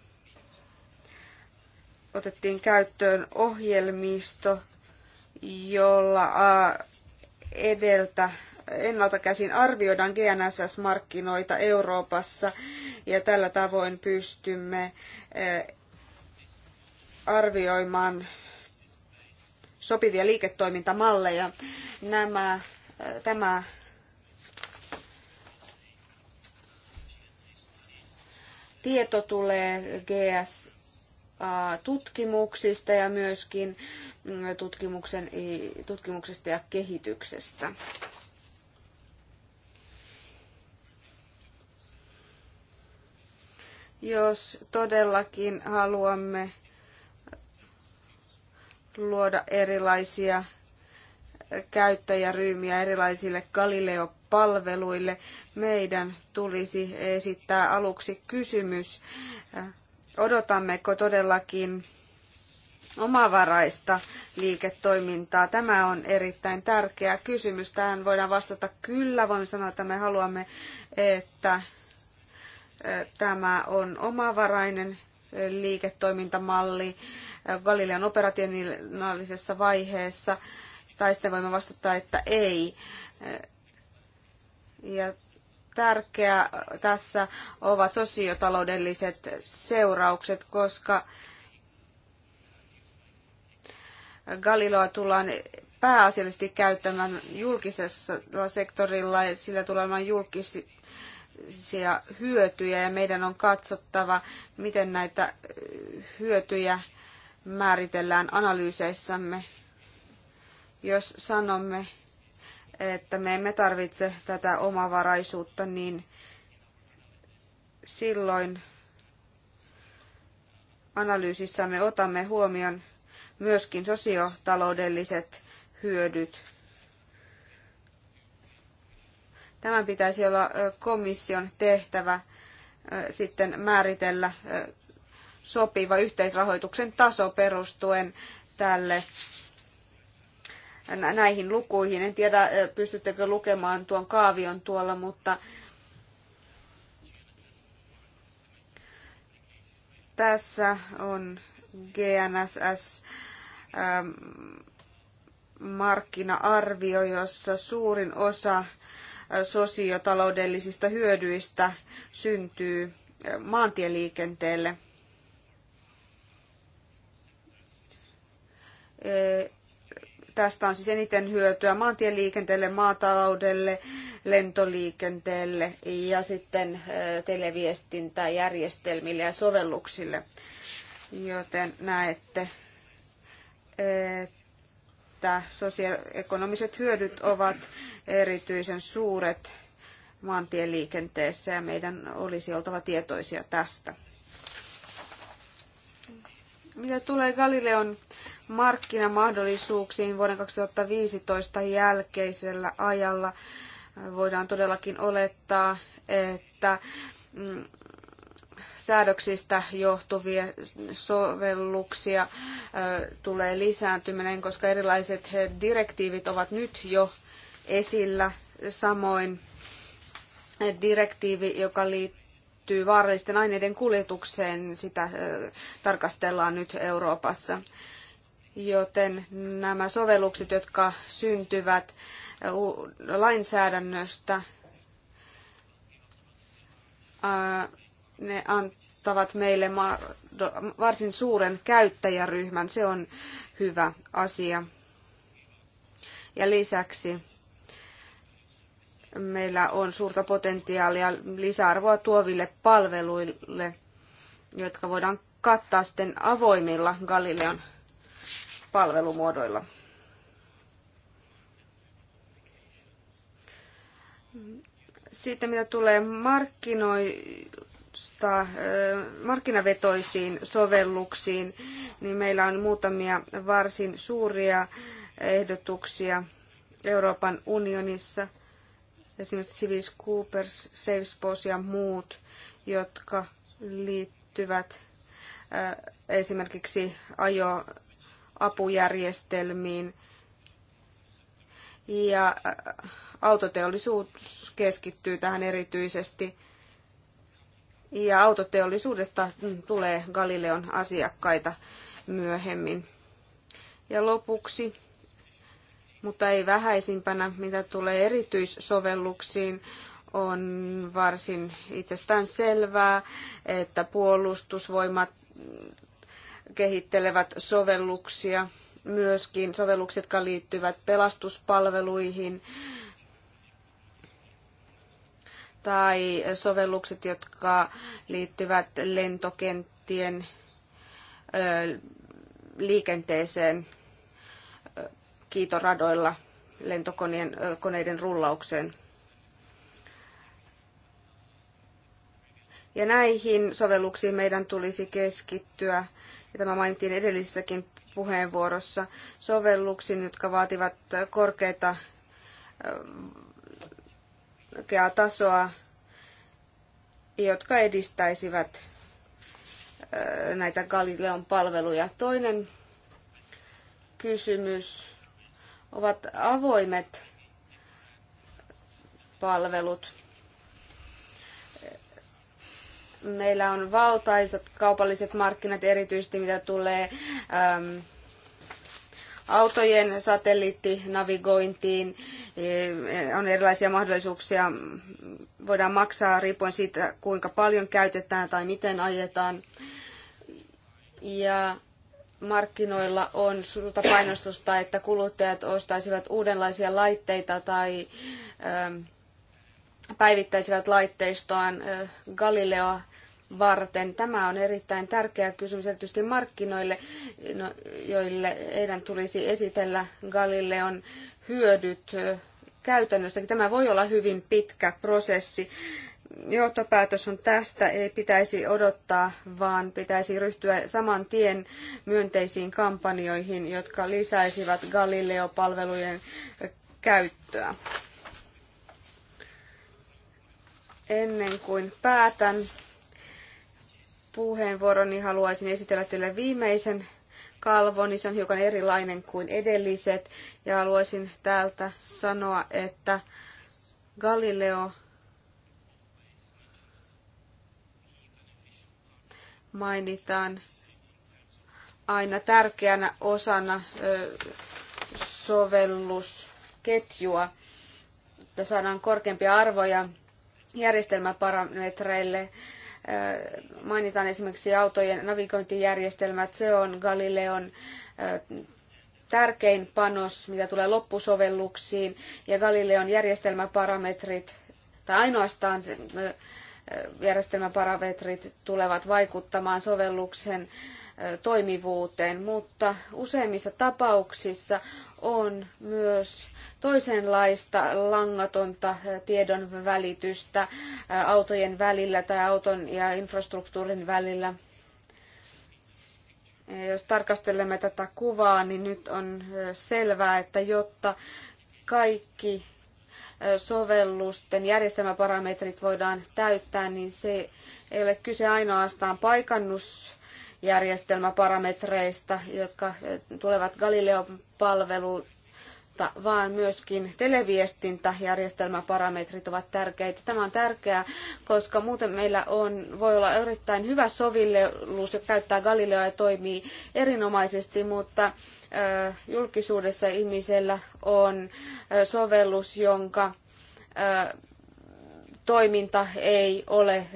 otettiin käyttöön ohjelmisto, jolla edeltä ennalta käsin arvioidaan GNSS-markkinoita Euroopassa ja tällä tavoin pystymme arvioimaan sopivia liiketoimintamalleja. Nämä, tämä tieto tulee GS tutkimuksista ja myöskin tutkimuksen, tutkimuksesta ja kehityksestä. Jos todellakin haluamme luoda erilaisia käyttäjäryhmiä erilaisille Galileo-palveluille, meidän tulisi esittää aluksi kysymys, odotammeko todellakin omavaraista liiketoimintaa. Tämä on erittäin tärkeä kysymys. Tähän voidaan vastata kyllä. Voimme sanoa, että me haluamme, että tämä on omavarainen liiketoimintamalli Galilean operationaalisessa vaiheessa. Tai sitten voimme vastata, että ei. Ja tärkeää tässä ovat sosiotaloudelliset seuraukset, koska Galiloa tullaan pääasiallisesti käyttämään julkisella sektorilla ja sillä tulee olemaan julkisia hyötyjä ja meidän on katsottava, miten näitä hyötyjä määritellään analyyseissamme. Jos sanomme, että me emme tarvitse tätä omavaraisuutta, niin silloin analyysissamme otamme huomioon myöskin sosiotaloudelliset hyödyt. Tämän pitäisi olla komission tehtävä sitten määritellä sopiva yhteisrahoituksen taso perustuen tälle näihin lukuihin. En tiedä, pystyttekö lukemaan tuon kaavion tuolla, mutta tässä on GNSS Ähm, markkina-arvio, jossa suurin osa äh, sosiotaloudellisista hyödyistä syntyy äh, maantieliikenteelle. Äh, tästä on siis eniten hyötyä maantieliikenteelle, maataloudelle, lentoliikenteelle ja sitten televiestintäjärjestelmille ja sovelluksille. Joten näette, että sosioekonomiset hyödyt ovat erityisen suuret maantieliikenteessä ja meidän olisi oltava tietoisia tästä. Mitä tulee Galileon markkinamahdollisuuksiin vuoden 2015 jälkeisellä ajalla, voidaan todellakin olettaa, että mm, säädöksistä johtuvia sovelluksia tulee lisääntyminen, koska erilaiset direktiivit ovat nyt jo esillä. Samoin direktiivi, joka liittyy vaarallisten aineiden kuljetukseen, sitä tarkastellaan nyt Euroopassa. Joten nämä sovellukset, jotka syntyvät lainsäädännöstä, ne antavat meille varsin suuren käyttäjäryhmän. Se on hyvä asia. Ja lisäksi meillä on suurta potentiaalia lisäarvoa tuoville palveluille, jotka voidaan kattaa sitten avoimilla Galileon palvelumuodoilla. Sitten mitä tulee markkinoille tutkimusta markkinavetoisiin sovelluksiin, niin meillä on muutamia varsin suuria ehdotuksia Euroopan unionissa, esimerkiksi Civis Coopers, Salesforce ja muut, jotka liittyvät esimerkiksi ajoapujärjestelmiin. Ja autoteollisuus keskittyy tähän erityisesti ja autoteollisuudesta mm, tulee Galileon asiakkaita myöhemmin. Ja lopuksi, mutta ei vähäisimpänä, mitä tulee erityissovelluksiin, on varsin itsestään selvää, että puolustusvoimat kehittelevät sovelluksia, myöskin sovellukset, jotka liittyvät pelastuspalveluihin, tai sovellukset, jotka liittyvät lentokenttien liikenteeseen kiitoradoilla lentokoneiden koneiden rullaukseen. Ja näihin sovelluksiin meidän tulisi keskittyä, ja tämä mainittiin edellisessäkin puheenvuorossa, sovelluksiin, jotka vaativat korkeita tasoa, jotka edistäisivät näitä Galileon palveluja. Toinen kysymys ovat avoimet palvelut. Meillä on valtaisat kaupalliset markkinat, erityisesti mitä tulee ähm, autojen satelliittinavigointiin. Eh, on erilaisia mahdollisuuksia. Voidaan maksaa riippuen siitä, kuinka paljon käytetään tai miten ajetaan. Ja markkinoilla on suurta painostusta, että kuluttajat ostaisivat uudenlaisia laitteita tai eh, päivittäisivät laitteistoaan. Eh, Galileo varten. Tämä on erittäin tärkeä kysymys erityisesti markkinoille, no, joille heidän tulisi esitellä Galileon hyödyt käytännössä. Tämä voi olla hyvin pitkä prosessi. Johtopäätös on tästä, ei pitäisi odottaa, vaan pitäisi ryhtyä saman tien myönteisiin kampanjoihin, jotka lisäisivät Galileo-palvelujen käyttöä. Ennen kuin päätän, puheenvuoron, niin haluaisin esitellä teille viimeisen kalvon, niin se on hiukan erilainen kuin edelliset. Ja haluaisin täältä sanoa, että Galileo mainitaan aina tärkeänä osana sovellusketjua. Että saadaan korkeampia arvoja järjestelmäparametreille mainitaan esimerkiksi autojen navigointijärjestelmät. Se on Galileon tärkein panos, mitä tulee loppusovelluksiin, ja Galileon järjestelmäparametrit, tai ainoastaan järjestelmäparametrit tulevat vaikuttamaan sovelluksen toimivuuteen, mutta useimmissa tapauksissa on myös toisenlaista langatonta tiedon välitystä autojen välillä tai auton ja infrastruktuurin välillä. Jos tarkastelemme tätä kuvaa, niin nyt on selvää, että jotta kaikki sovellusten järjestelmäparametrit voidaan täyttää, niin se ei ole kyse ainoastaan paikannus järjestelmäparametreista, jotka eh, tulevat galileo palvelulta vaan myöskin televiestintäjärjestelmäparametrit ovat tärkeitä. Tämä on tärkeää, koska muuten meillä on, voi olla erittäin hyvä sovellus, joka käyttää Galileoa ja toimii erinomaisesti, mutta eh, julkisuudessa ihmisellä on eh, sovellus, jonka toiminta ei ole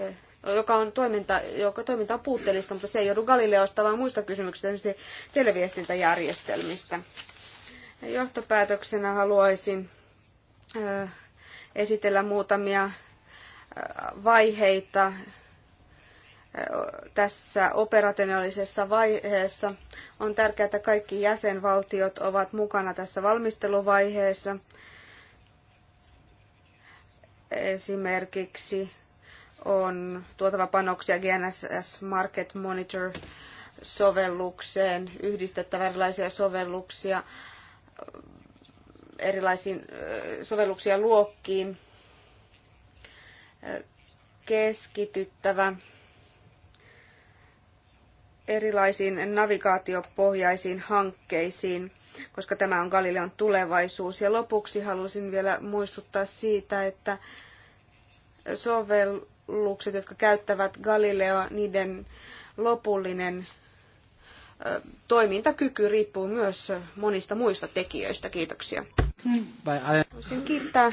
joka on toiminta, joka toiminta on puutteellista, mutta se ei joudu Galileosta, vaan muista kysymyksistä, esimerkiksi televiestintäjärjestelmistä. Johtopäätöksenä haluaisin esitellä muutamia vaiheita tässä operationaalisessa vaiheessa. On tärkeää, että kaikki jäsenvaltiot ovat mukana tässä valmisteluvaiheessa. Esimerkiksi on tuotava panoksia GNSS Market Monitor sovellukseen, yhdistettävä erilaisia sovelluksia erilaisiin sovelluksia luokkiin, keskityttävä erilaisiin navigaatiopohjaisiin hankkeisiin, koska tämä on Galileon tulevaisuus. Ja lopuksi halusin vielä muistuttaa siitä, että sovellus alukset, jotka käyttävät Galileoa, niiden lopullinen toimintakyky riippuu myös monista muista tekijöistä. Kiitoksia. Voisin kiittää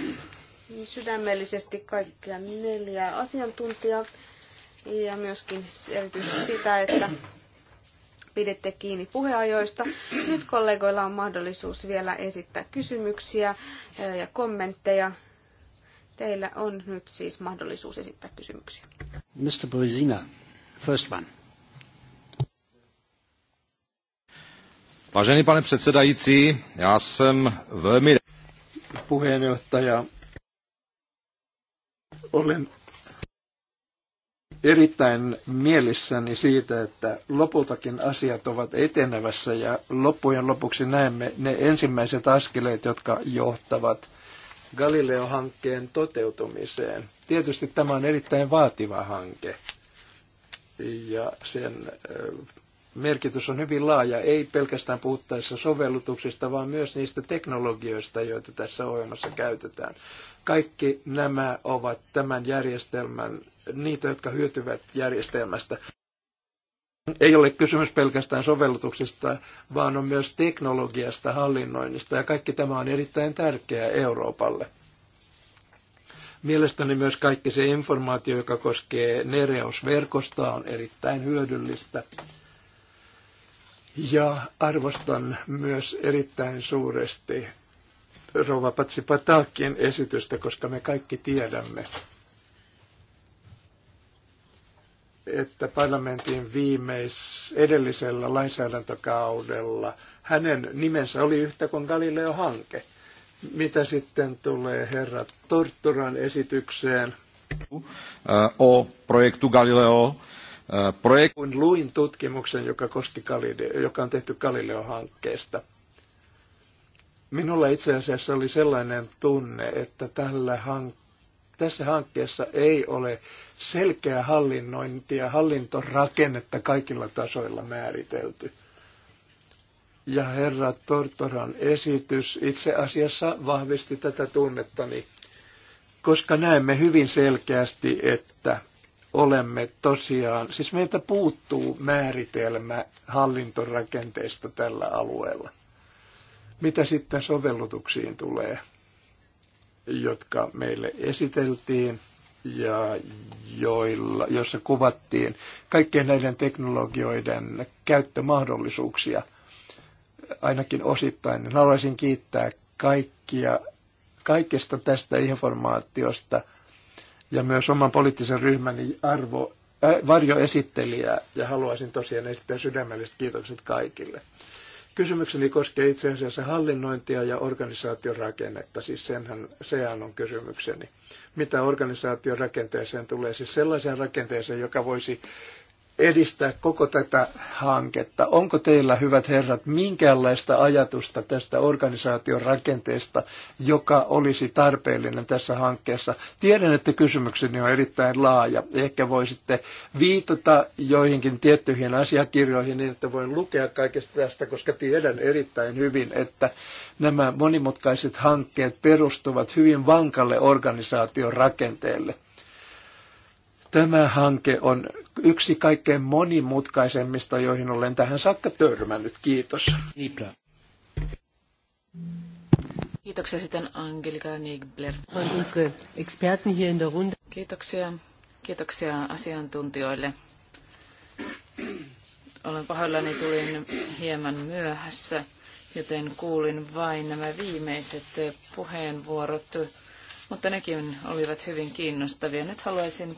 sydämellisesti kaikkia neljää asiantuntijaa ja myöskin erityisesti sitä, että pidette kiinni puheajoista. Nyt kollegoilla on mahdollisuus vielä esittää kysymyksiä ja kommentteja. Teillä on nyt siis mahdollisuus esittää kysymyksiä. Mr. Boisina, first one. Vážený pane předsedající, já jsem velmi... Puheenjohtaja, olen erittäin mielissäni siitä, että lopultakin asiat ovat etenevässä ja loppujen lopuksi näemme ne ensimmäiset askeleet, jotka johtavat Galileo-hankkeen toteutumiseen. Tietysti tämä on erittäin vaativa hanke ja sen merkitys on hyvin laaja, ei pelkästään puhuttaessa sovellutuksista, vaan myös niistä teknologioista, joita tässä ohjelmassa käytetään. Kaikki nämä ovat tämän järjestelmän, niitä, jotka hyötyvät järjestelmästä ei ole kysymys pelkästään sovellutuksista, vaan on myös teknologiasta, hallinnoinnista ja kaikki tämä on erittäin tärkeää Euroopalle. Mielestäni myös kaikki se informaatio, joka koskee Nereos-verkostoa, on erittäin hyödyllistä. Ja arvostan myös erittäin suuresti Rova Patsipatakin esitystä, koska me kaikki tiedämme, että parlamentin viimeis edellisellä lainsäädäntökaudella hänen nimensä oli yhtä kuin Galileo-hanke. Mitä sitten tulee herra Torturan esitykseen? Uh, o projektu Galileo. Uh, projekt... Kun luin tutkimuksen, joka, koski Galileo, joka on tehty Galileo-hankkeesta, minulla itse asiassa oli sellainen tunne, että tällä hankkeella tässä hankkeessa ei ole selkeää hallinnointia, hallintorakennetta kaikilla tasoilla määritelty. Ja herra Tortoran esitys itse asiassa vahvisti tätä tunnettani, koska näemme hyvin selkeästi, että olemme tosiaan, siis meiltä puuttuu määritelmä hallintorakenteesta tällä alueella. Mitä sitten sovellutuksiin tulee? jotka meille esiteltiin ja joilla, jossa kuvattiin kaikkien näiden teknologioiden käyttömahdollisuuksia ainakin osittain. Haluaisin kiittää kaikkia, kaikesta tästä informaatiosta ja myös oman poliittisen ryhmäni arvo, äh, varjoesittelijää ja haluaisin tosiaan esittää sydämelliset kiitokset kaikille. Kysymykseni koskee itse asiassa hallinnointia ja organisaation rakennetta, siis senhän, sehän on kysymykseni. Mitä organisaation rakenteeseen tulee, siis sellaiseen rakenteeseen, joka voisi edistää koko tätä hanketta. Onko teillä, hyvät herrat, minkäänlaista ajatusta tästä organisaation rakenteesta, joka olisi tarpeellinen tässä hankkeessa? Tiedän, että kysymykseni on erittäin laaja. Ehkä voisitte viitata joihinkin tiettyihin asiakirjoihin niin, että voin lukea kaikesta tästä, koska tiedän erittäin hyvin, että nämä monimutkaiset hankkeet perustuvat hyvin vankalle organisaation rakenteelle. Tämä hanke on yksi kaikkein monimutkaisemmista, joihin olen tähän saakka törmännyt. Kiitos. Nibla. Kiitoksia sitten Angelika Nigbler. Kiitoksia. Kiitoksia asiantuntijoille. Olen pahoillani, tulin hieman myöhässä, joten kuulin vain nämä viimeiset puheenvuorot, mutta nekin olivat hyvin kiinnostavia. Nyt haluaisin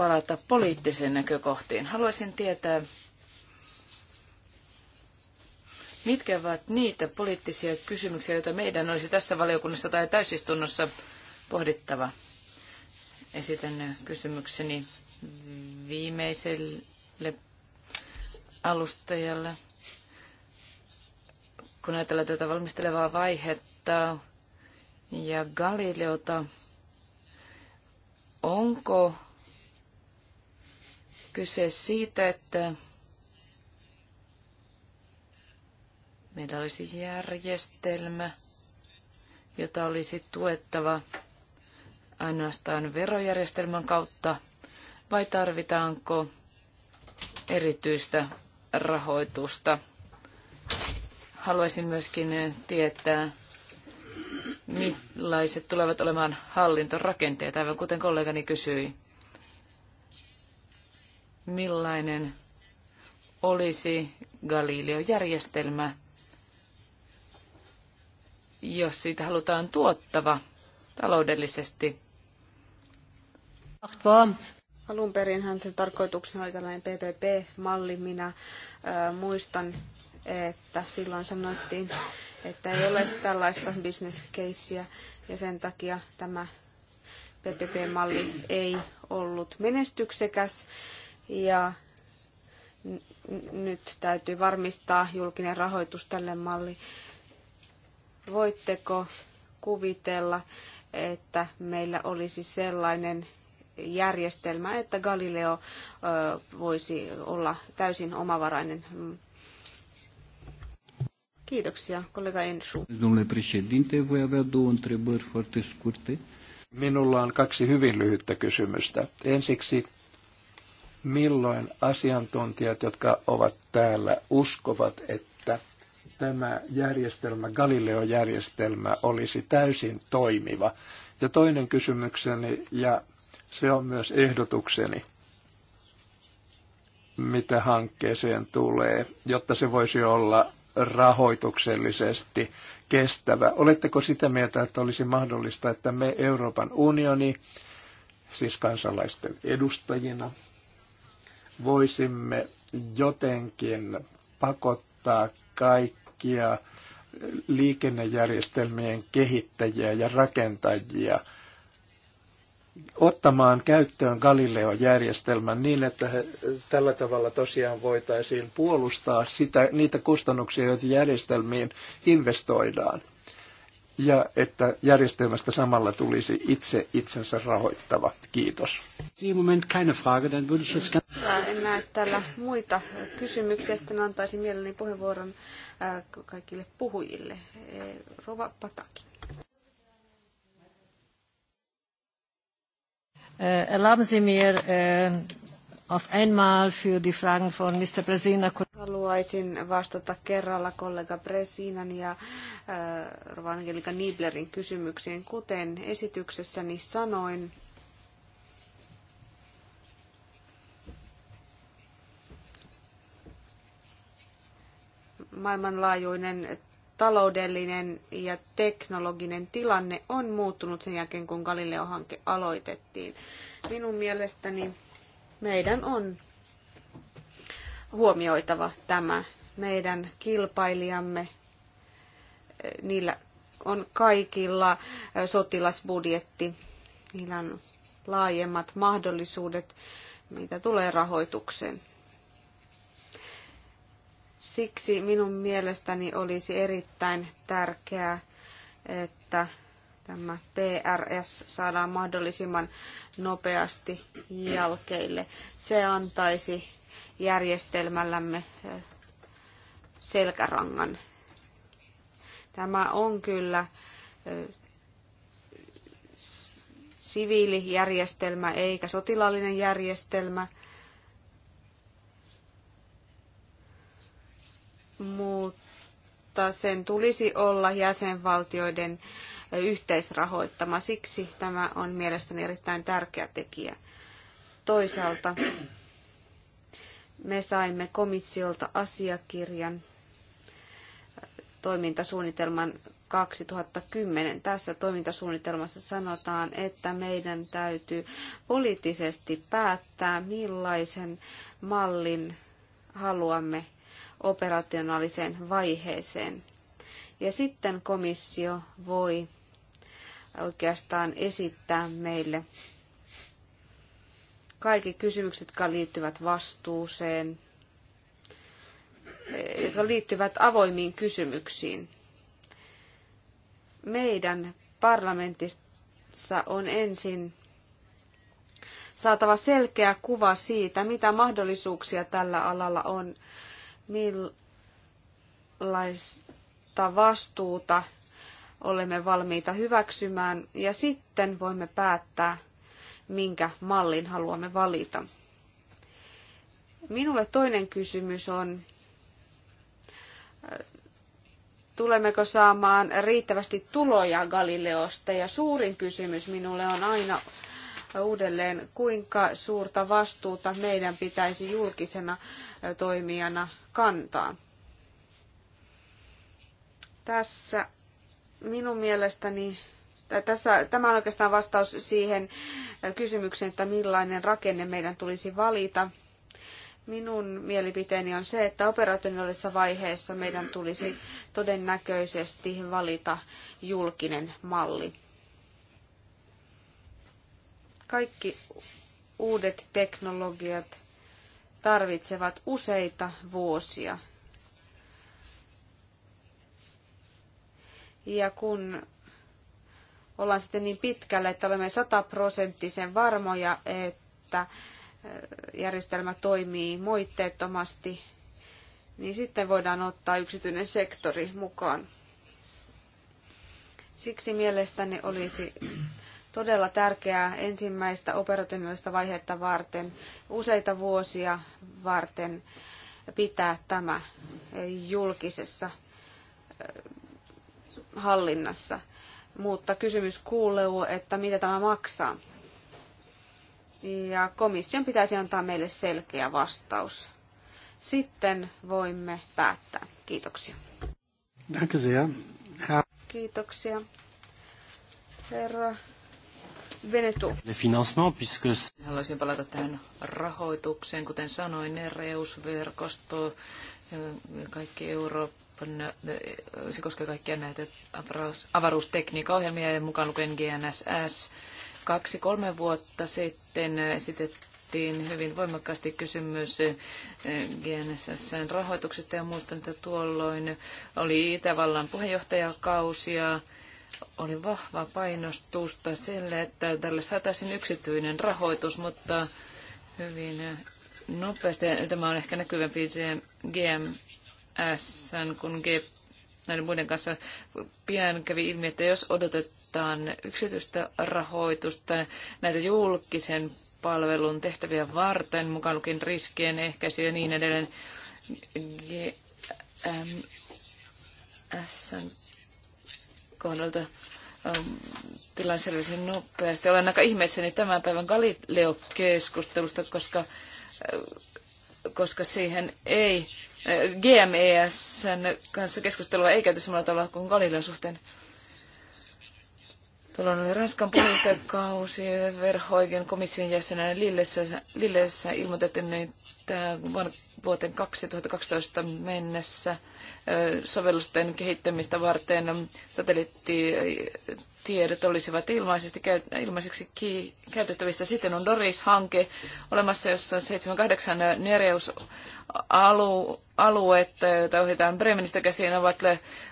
palata poliittisiin näkökohtiin. Haluaisin tietää, mitkä ovat niitä poliittisia kysymyksiä, joita meidän olisi tässä valiokunnassa tai täysistunnossa pohdittava. Esitän kysymykseni viimeiselle alustajalle. Kun ajatellaan tätä valmistelevaa vaihetta ja Galileota, onko kyse siitä, että meillä olisi siis järjestelmä, jota olisi tuettava ainoastaan verojärjestelmän kautta, vai tarvitaanko erityistä rahoitusta? Haluaisin myöskin tietää, millaiset tulevat olemaan hallintorakenteet, aivan kuten kollegani kysyi millainen olisi Galileo-järjestelmä, jos siitä halutaan tuottava taloudellisesti. Alun perinhän sen tarkoituksena oli tällainen PPP-malli. Minä ää, muistan, että silloin sanottiin, että ei ole tällaista bisneskeisiä ja sen takia tämä PPP-malli ei ollut menestyksekäs ja nyt täytyy varmistaa julkinen rahoitus tälle malli. Voitteko kuvitella, että meillä olisi sellainen järjestelmä, että Galileo voisi olla täysin omavarainen? Kiitoksia, kollega Ensu. Minulla on kaksi hyvin lyhyttä kysymystä. Ensiksi milloin asiantuntijat, jotka ovat täällä, uskovat, että tämä järjestelmä, Galileo-järjestelmä, olisi täysin toimiva. Ja toinen kysymykseni, ja se on myös ehdotukseni, mitä hankkeeseen tulee, jotta se voisi olla rahoituksellisesti kestävä. Oletteko sitä mieltä, että olisi mahdollista, että me Euroopan unioni, siis kansalaisten edustajina, voisimme jotenkin pakottaa kaikkia liikennejärjestelmien kehittäjiä ja rakentajia ottamaan käyttöön Galileo-järjestelmän niin, että he, tällä tavalla tosiaan voitaisiin puolustaa sitä, niitä kustannuksia, joita järjestelmiin investoidaan ja että järjestelmästä samalla tulisi itse itsensä rahoittava. Kiitos. En näe täällä muita kysymyksiä, sitten antaisin mielelläni puheenvuoron äh, kaikille puhujille. Äh, Rova Pataki. Äh, erlauben Sie mir auf einmal für die Fragen von Mr. Bresina. Haluaisin vastata kerralla kollega Bresinan ja äh, Rovangelika Niblerin kysymyksiin. Kuten esityksessäni sanoin, maailmanlaajuinen taloudellinen ja teknologinen tilanne on muuttunut sen jälkeen, kun Galileo-hanke aloitettiin. Minun mielestäni meidän on huomioitava tämä. Meidän kilpailijamme, eh, niillä on kaikilla eh, sotilasbudjetti, niillä on laajemmat mahdollisuudet, mitä tulee rahoitukseen. Siksi minun mielestäni olisi erittäin tärkeää, että tämä PRS saadaan mahdollisimman nopeasti jälkeille. Se antaisi järjestelmällämme selkärangan. Tämä on kyllä siviilijärjestelmä eikä sotilaallinen järjestelmä, mutta sen tulisi olla jäsenvaltioiden äh, yhteisrahoittama. Siksi tämä on mielestäni erittäin tärkeä tekijä. Toisaalta me saimme komissiolta asiakirjan toimintasuunnitelman 2010. Tässä toimintasuunnitelmassa sanotaan, että meidän täytyy poliittisesti päättää, millaisen mallin haluamme operationaaliseen vaiheeseen. Ja sitten komissio voi oikeastaan esittää meille kaikki kysymykset, jotka liittyvät vastuuseen, jotka liittyvät avoimiin kysymyksiin. Meidän parlamentissa on ensin saatava selkeä kuva siitä, mitä mahdollisuuksia tällä alalla on, millaista vastuuta olemme valmiita hyväksymään ja sitten voimme päättää, minkä mallin haluamme valita. Minulle toinen kysymys on, tulemmeko saamaan riittävästi tuloja Galileosta. Ja suurin kysymys minulle on aina uudelleen, kuinka suurta vastuuta meidän pitäisi julkisena toimijana kantaa. Tässä minun mielestäni tässä, tämä on oikeastaan vastaus siihen kysymykseen, että millainen rakenne meidän tulisi valita. Minun mielipiteeni on se, että operationaalisessa vaiheessa meidän tulisi todennäköisesti valita julkinen malli. Kaikki uudet teknologiat tarvitsevat useita vuosia Ja kun ollaan sitten niin pitkällä, että olemme sataprosenttisen varmoja, että äh, järjestelmä toimii moitteettomasti, niin sitten voidaan ottaa yksityinen sektori mukaan. Siksi mielestäni olisi todella tärkeää ensimmäistä operatiivista vaihetta varten, useita vuosia varten pitää tämä julkisessa äh, hallinnassa. Mutta kysymys kuuluu, että mitä tämä maksaa. Ja komission pitäisi antaa meille selkeä vastaus. Sitten voimme päättää. Kiitoksia. Kiitoksia. Herra Venetu. Haluaisin palata tähän rahoitukseen. Kuten sanoin, Nereus-verkosto, eh, kaikki Euroopan panna, äh, se koskee kaikkia näitä avaruus, ohjelmia ja mukaan lukien GNSS. Kaksi-kolme vuotta sitten esitettiin hyvin voimakkaasti kysymys äh, GNSSn rahoituksesta ja muistan, että tuolloin oli Itävallan puheenjohtajakausi ja oli vahva painostusta sille, että tälle saataisiin yksityinen rahoitus, mutta hyvin nopeasti. Tämä on ehkä näkyvämpi GM, S, kun G, näiden muiden kanssa pian kävi ilmi, että jos odotetaan yksityistä rahoitusta näitä julkisen palvelun tehtäviä varten, mukaan lukien riskien ehkäisy ja niin edelleen, GMSn kohdalta ähm, tilanne selvisi nopeasti. Olen aika ihmeessäni tämän päivän Galileo-keskustelusta, koska, äh, koska siihen ei GMESn kanssa keskustelua ei käyty samalla tavalla kuin Galileon suhteen. Tuolla oli Ranskan puheenjohtajakausi, Verhoigen komission jäsenä Lillessä, Lillessä ilmoitettiin, että vuoteen 2012 mennessä sovellusten kehittämistä varten satelliittitiedot olisivat ilmaisesti, ilmaiseksi käytettävissä. Sitten on Doris-hanke olemassa, jossa 7-8 nereus aluetta, joita ohjataan Bremenistä käsiin, ovat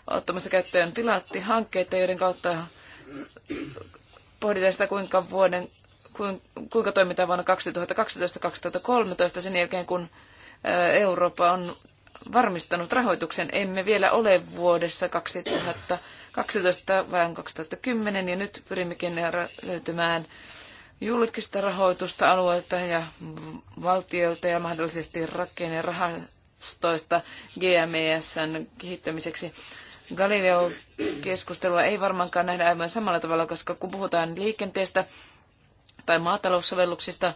ottamassa käyttöön pilaattihankkeita, joiden kautta pohditaan sitä, kuinka vuoden kuinka toimitaan vuonna 2012-2013 sen jälkeen, kun Eurooppa on varmistanut rahoituksen. Emme vielä ole vuodessa 2012, vaan 2010, ja nyt pyrimmekin löytymään julkista rahoitusta alueelta ja valtiolta ja mahdollisesti rakenne rahastoista GMESn kehittämiseksi. Galileo-keskustelua ei varmaankaan nähdä aivan samalla tavalla, koska kun puhutaan liikenteestä, tai maataloussovelluksista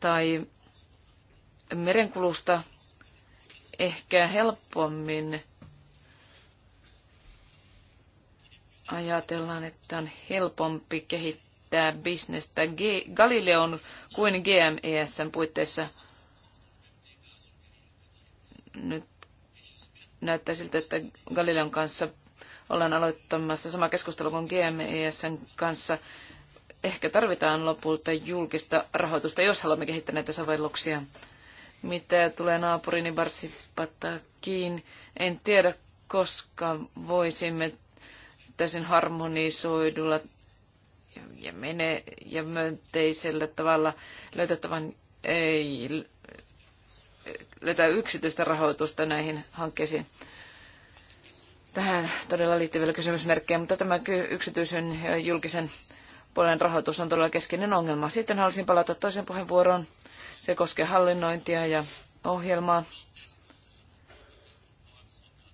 tai merenkulusta ehkä helpommin ajatellaan, että on helpompi kehittää bisnestä Galileon kuin GMESn puitteissa. Nyt näyttää siltä, että Galileon kanssa ollaan aloittamassa sama keskustelu kuin GMESn kanssa ehkä tarvitaan lopulta julkista rahoitusta, jos haluamme kehittää näitä sovelluksia. Mitä tulee naapurini niin Barsipatakiin, en tiedä koska voisimme täysin harmonisoidulla ja, mene, ja myönteisellä tavalla löytävän ei löytää yksityistä rahoitusta näihin hankkeisiin. Tähän todella liittyy vielä kysymysmerkkejä, mutta tämä yksityisen ja julkisen puolen rahoitus on todella keskeinen ongelma. Sitten haluaisin palata toisen puheenvuoroon. Se koskee hallinnointia ja ohjelmaa.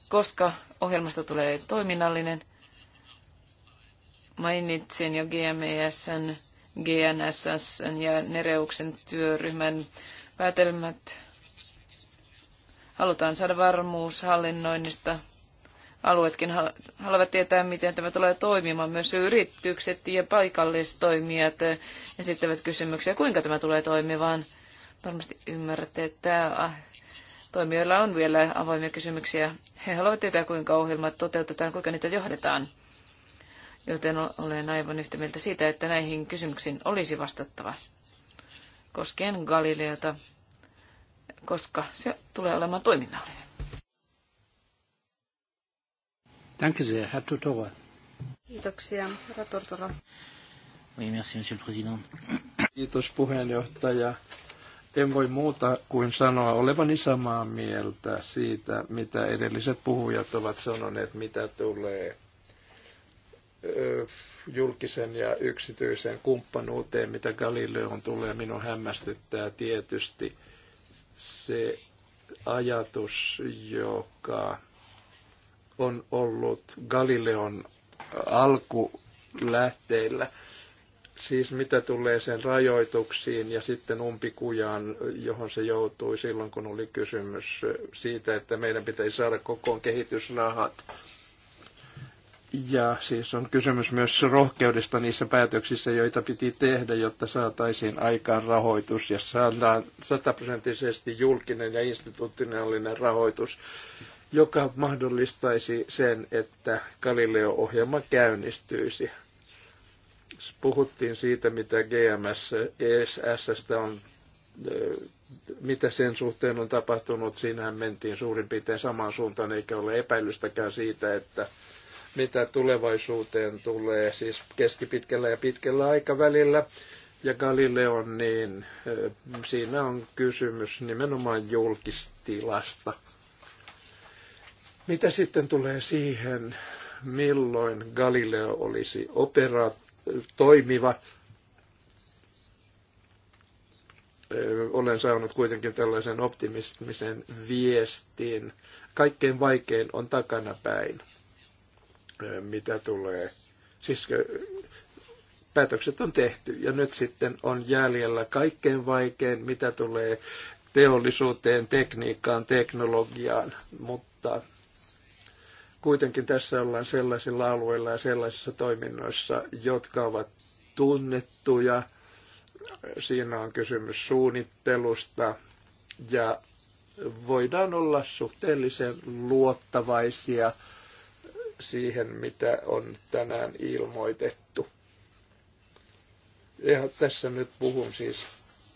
Koska ohjelmasta tulee toiminnallinen, mainitsin jo GMESn, GNSSn ja Nereuksen työryhmän päätelmät. Halutaan saada varmuus hallinnoinnista alueetkin haluavat tietää, miten tämä tulee toimimaan. Myös yritykset ja paikallistoimijat esittävät kysymyksiä, kuinka tämä tulee toimimaan. Varmasti ymmärrätte, että ah, toimijoilla on vielä avoimia kysymyksiä. He haluavat tietää, kuinka ohjelmat toteutetaan, kuinka niitä johdetaan. Joten olen aivan yhtä mieltä siitä, että näihin kysymyksiin olisi vastattava koskien Galileota, koska se tulee olemaan toiminnallinen. Danke sehr, Herr Tutora. Kiitoksia, herra Tortora. Oui, merci, monsieur le président. Kiitos puheenjohtaja. En voi muuta kuin sanoa olevani samaa mieltä siitä, mitä edelliset puhujat ovat sanoneet, mitä tulee julkisen ja yksityisen kumppanuuteen, mitä Galileon tulee. Minun hämmästyttää tietysti se ajatus, joka on ollut Galileon alkulähteillä. Siis mitä tulee sen rajoituksiin ja sitten umpikujaan, johon se joutui silloin, kun oli kysymys siitä, että meidän pitäisi saada kokoon kehitysrahat. Ja siis on kysymys myös rohkeudesta niissä päätöksissä, joita piti tehdä, jotta saataisiin aikaan rahoitus ja saadaan sataprosenttisesti julkinen ja institutionaalinen rahoitus joka mahdollistaisi sen, että Galileo-ohjelma käynnistyisi. Puhuttiin siitä, mitä GMS ESSstä on, mitä sen suhteen on tapahtunut. Siinähän mentiin suurin piirtein samaan suuntaan, eikä ole epäilystäkään siitä, että mitä tulevaisuuteen tulee, siis keskipitkällä ja pitkällä aikavälillä. Ja Galileon, niin siinä on kysymys nimenomaan julkistilasta – mitä sitten tulee siihen, milloin Galileo olisi opera toimiva? Olen saanut kuitenkin tällaisen optimistisen viestin. Kaikkein vaikein on takanapäin, mitä tulee. Siis päätökset on tehty ja nyt sitten on jäljellä kaikkein vaikein, mitä tulee teollisuuteen, tekniikkaan, teknologiaan, mutta kuitenkin tässä ollaan sellaisilla alueilla ja sellaisissa toiminnoissa, jotka ovat tunnettuja. Siinä on kysymys suunnittelusta ja voidaan olla suhteellisen luottavaisia siihen, mitä on tänään ilmoitettu. Ja tässä nyt puhun siis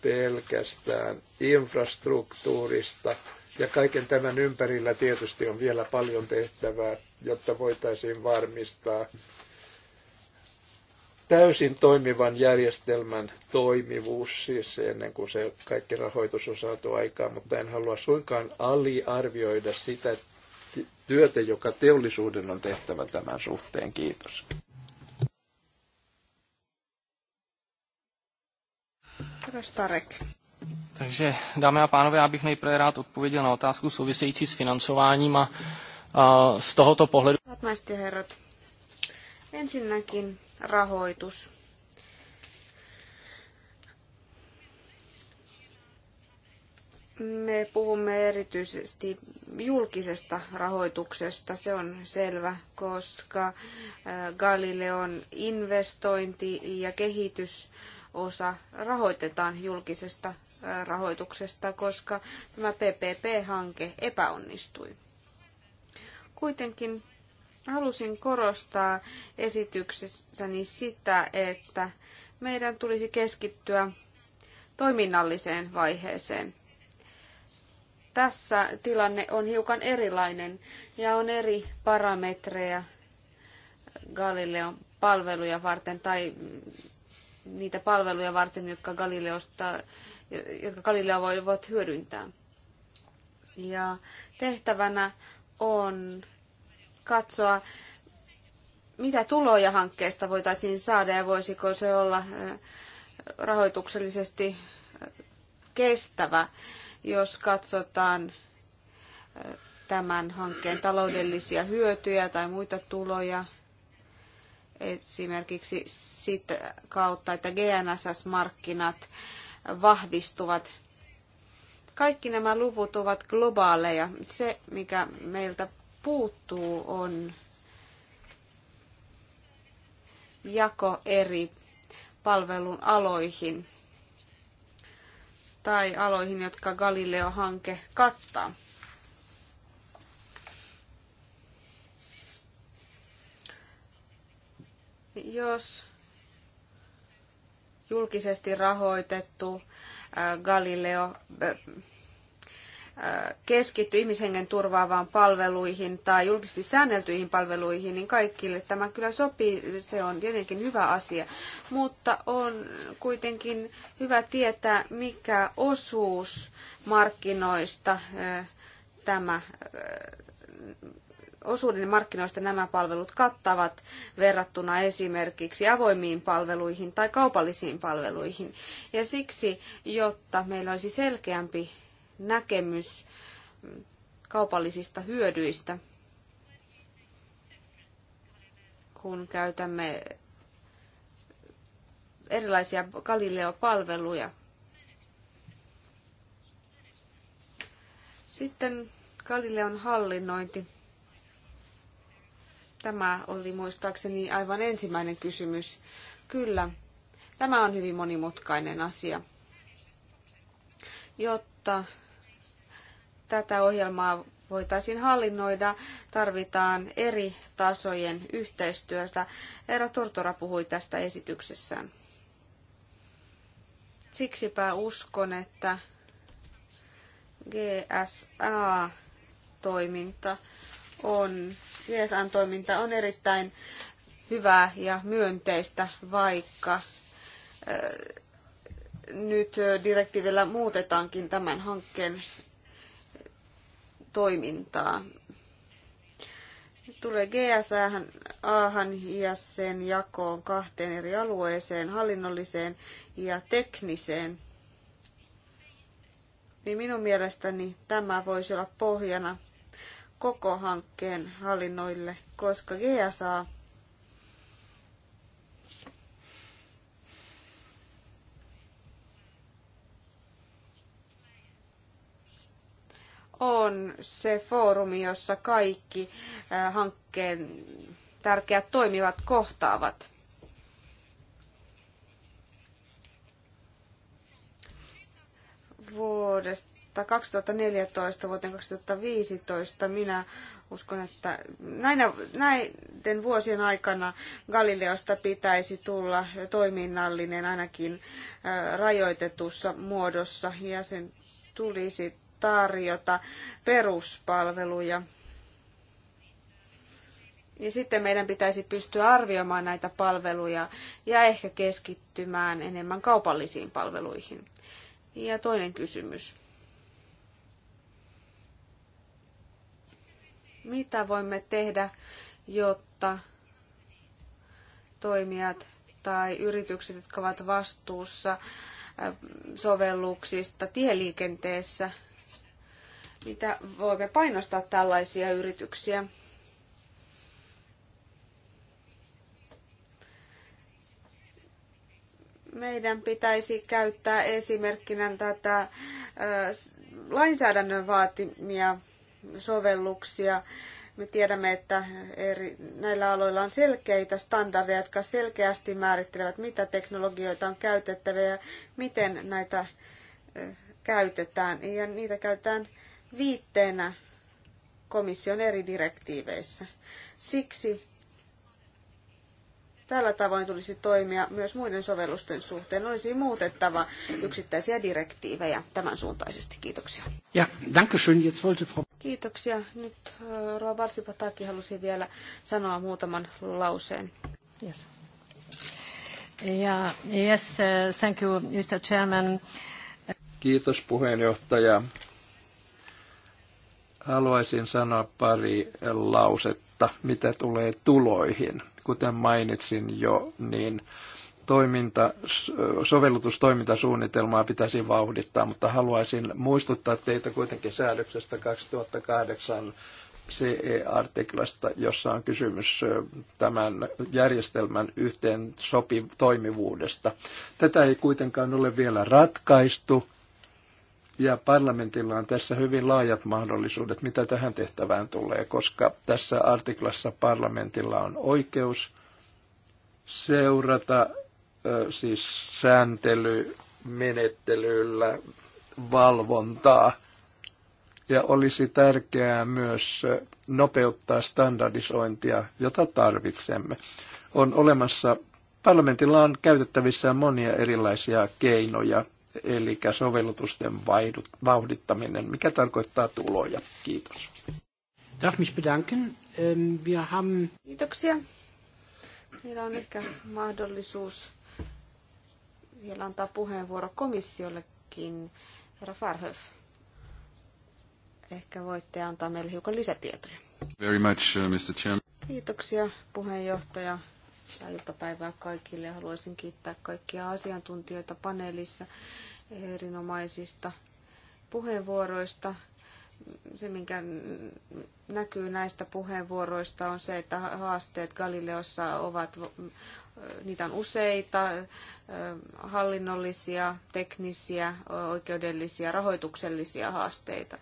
pelkästään infrastruktuurista, ja kaiken tämän ympärillä tietysti on vielä paljon tehtävää, jotta voitaisiin varmistaa täysin toimivan järjestelmän toimivuus, siis ennen kuin se kaikki rahoitus on saatu aikaan, mutta en halua suinkaan aliarvioida sitä työtä, joka teollisuuden on tehtävä tämän suhteen. Kiitos. Tarek. Takže, dámy a pánové, já bych nejprve rád odpověděl na otázku související s financováním a, a z tohoto pohledu... Hyvät herrat, ensinnäkin rahoitus. Me puhumme erityisesti julkisesta rahoituksesta, se on selvä, koska Galileon investointi ja kehitysosa rahoitetaan julkisesta rahoituksesta, koska tämä PPP-hanke epäonnistui. Kuitenkin halusin korostaa esityksessäni sitä, että meidän tulisi keskittyä toiminnalliseen vaiheeseen. Tässä tilanne on hiukan erilainen ja on eri parametreja Galileon palveluja varten tai niitä palveluja varten, jotka Galileosta jotka voi voit hyödyntää. Ja tehtävänä on katsoa, mitä tuloja hankkeesta voitaisiin saada ja voisiko se olla rahoituksellisesti kestävä, jos katsotaan tämän hankkeen taloudellisia hyötyjä tai muita tuloja, esimerkiksi sitä kautta, että GNSS-markkinat vahvistuvat. Kaikki nämä luvut ovat globaaleja. Se, mikä meiltä puuttuu, on jako eri palvelun aloihin tai aloihin, jotka Galileo-hanke kattaa. Jos julkisesti rahoitettu äh, Galileo äh, äh, keskitty ihmishengen turvaavaan palveluihin tai julkisesti säänneltyihin palveluihin, niin kaikille tämä kyllä sopii. Se on tietenkin hyvä asia, mutta on kuitenkin hyvä tietää, mikä osuus markkinoista tämä osuuden markkinoista nämä palvelut kattavat verrattuna esimerkiksi avoimiin palveluihin tai kaupallisiin palveluihin. Ja siksi, jotta meillä olisi selkeämpi näkemys kaupallisista hyödyistä, kun käytämme erilaisia Galileo-palveluja. Sitten Galileon hallinnointi. Tämä oli muistaakseni aivan ensimmäinen kysymys. Kyllä, tämä on hyvin monimutkainen asia. Jotta tätä ohjelmaa voitaisiin hallinnoida, tarvitaan eri tasojen yhteistyötä. Eero Tortora puhui tästä esityksessään. Siksipä uskon, että GSA-toiminta on JSAN-toiminta on erittäin hyvää ja myönteistä, vaikka äh, nyt direktiivillä muutetaankin tämän hankkeen toimintaa. Tulee gsa Ahan ja sen jakoon kahteen eri alueeseen, hallinnolliseen ja tekniseen. Niin minun mielestäni tämä voisi olla pohjana koko hankkeen hallinnoille, koska GSA on se foorumi, jossa kaikki hankkeen tärkeät toimivat kohtaavat. Vuodesta 2014 vuoteen 2015 minä uskon, että näinä, näiden vuosien aikana Galileosta pitäisi tulla toiminnallinen ainakin äh, rajoitetussa muodossa ja sen tulisi tarjota peruspalveluja. Ja sitten meidän pitäisi pystyä arvioimaan näitä palveluja ja ehkä keskittymään enemmän kaupallisiin palveluihin. Ja toinen kysymys. mitä voimme tehdä, jotta toimijat tai yritykset, jotka ovat vastuussa äh, sovelluksista tieliikenteessä, mitä voimme painostaa tällaisia yrityksiä. Meidän pitäisi käyttää esimerkkinä tätä äh, lainsäädännön vaatimia sovelluksia. Me tiedämme, että eri, näillä aloilla on selkeitä standardeja, jotka selkeästi määrittelevät, mitä teknologioita on käytettävä ja miten näitä käytetään. Ja niitä käytetään viitteenä komission eri direktiiveissä. Siksi tällä tavoin tulisi toimia myös muiden sovellusten suhteen. Olisi muutettava yksittäisiä direktiivejä tämän suuntaisesti. Kiitoksia. Ja, danke schön. Jetzt wollte Frau Kiitoksia. Nyt äh, Roa Varsipataki halusi vielä sanoa muutaman lauseen. Yes. Yeah, yes, uh, thank you, Mr. Chairman. Kiitos puheenjohtaja. Haluaisin sanoa pari lausetta, mitä tulee tuloihin. Kuten mainitsin jo, niin toiminta, sovellutustoimintasuunnitelmaa pitäisi vauhdittaa, mutta haluaisin muistuttaa teitä kuitenkin säädöksestä 2008 CE-artiklasta, jossa on kysymys tämän järjestelmän yhteen sopi toimivuudesta. Tätä ei kuitenkaan ole vielä ratkaistu, ja parlamentilla on tässä hyvin laajat mahdollisuudet, mitä tähän tehtävään tulee, koska tässä artiklassa parlamentilla on oikeus seurata siis sääntelymenettelyllä valvontaa. Ja olisi tärkeää myös nopeuttaa standardisointia, jota tarvitsemme. On olemassa, parlamentilla on käytettävissään monia erilaisia keinoja, eli sovellutusten vaihdut, vauhdittaminen, mikä tarkoittaa tuloja. Kiitos. Darf mich bedanken. Ähm, wir haben... Kiitoksia. Meillä on ehkä mahdollisuus vielä antaa puheenvuoro komissiollekin. Herra Farhöf, ehkä voitte antaa meille hiukan lisätietoja. Very much, uh, Mr. Chairman. Kiitoksia puheenjohtaja ja iltapäivää kaikille. Haluaisin kiittää kaikkia asiantuntijoita paneelissa erinomaisista puheenvuoroista se, minkä näkyy näistä puheenvuoroista, on se, että haasteet Galileossa ovat, niitä on useita, hallinnollisia, teknisiä, oikeudellisia, rahoituksellisia haasteita.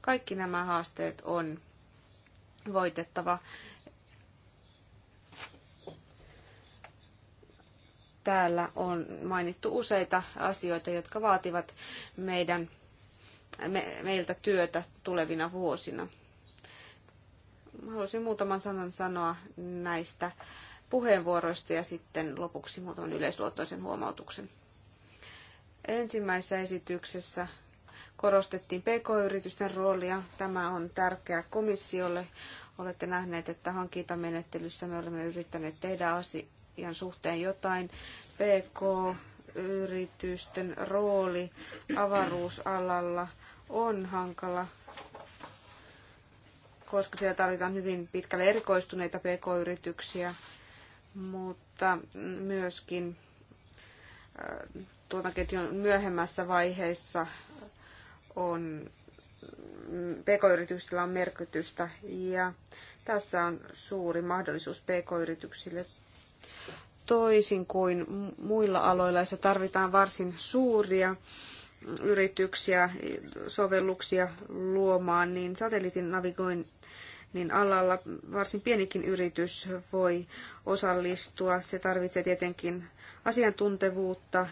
Kaikki nämä haasteet on voitettava. Täällä on mainittu useita asioita, jotka vaativat meidän me, meiltä työtä tulevina vuosina. Haluaisin muutaman sanan sanoa näistä puheenvuoroista ja sitten lopuksi muutaman yleisluottoisen huomautuksen. Ensimmäisessä esityksessä korostettiin pk-yritysten roolia. Tämä on tärkeä komissiolle. Olette nähneet, että hankintamenettelyssä me olemme yrittäneet tehdä asian suhteen jotain. PK yritysten rooli avaruusalalla on hankala, koska siellä tarvitaan hyvin pitkälle erikoistuneita pk-yrityksiä, mutta myöskin äh, tuotantoketjun myöhemmässä vaiheessa on mm, pk-yrityksillä on merkitystä ja tässä on suuri mahdollisuus pk-yrityksille toisin kuin muilla aloilla, joissa tarvitaan varsin suuria yrityksiä, sovelluksia luomaan, niin satelliitin navigoinnin alalla varsin pienikin yritys voi osallistua. Se tarvitsee tietenkin asiantuntevuutta,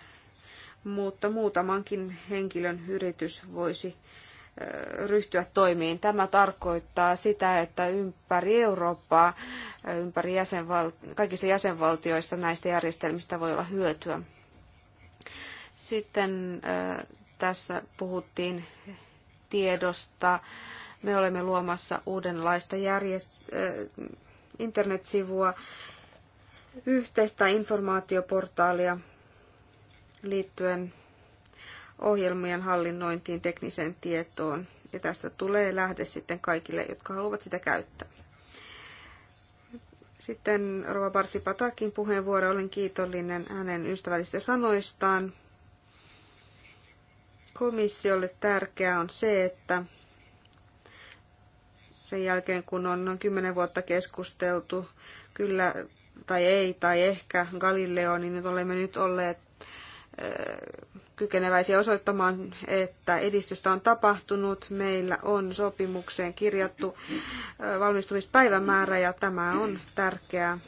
mutta muutamankin henkilön yritys voisi ryhtyä toimiin. Tämä tarkoittaa sitä, että ympäri Eurooppaa, ympäri jäsenval- kaikissa jäsenvaltioissa näistä järjestelmistä voi olla hyötyä. Sitten tässä puhuttiin tiedosta. Me olemme luomassa uudenlaista järjest- äh, internetsivua, yhteistä informaatioportaalia liittyen ohjelmien hallinnointiin, tekniseen tietoon. Ja tästä tulee lähde sitten kaikille, jotka haluavat sitä käyttää. Sitten Rova Barsi Patakin puheenvuoro. Olen kiitollinen hänen ystävällisistä sanoistaan. Komissiolle tärkeää on se, että sen jälkeen kun on noin kymmenen vuotta keskusteltu, kyllä tai ei tai ehkä Galileo, niin nyt olemme nyt olleet eh, kykeneväisiä osoittamaan, että edistystä on tapahtunut. Meillä on sopimukseen kirjattu eh, valmistumispäivämäärä ja tämä on tärkeää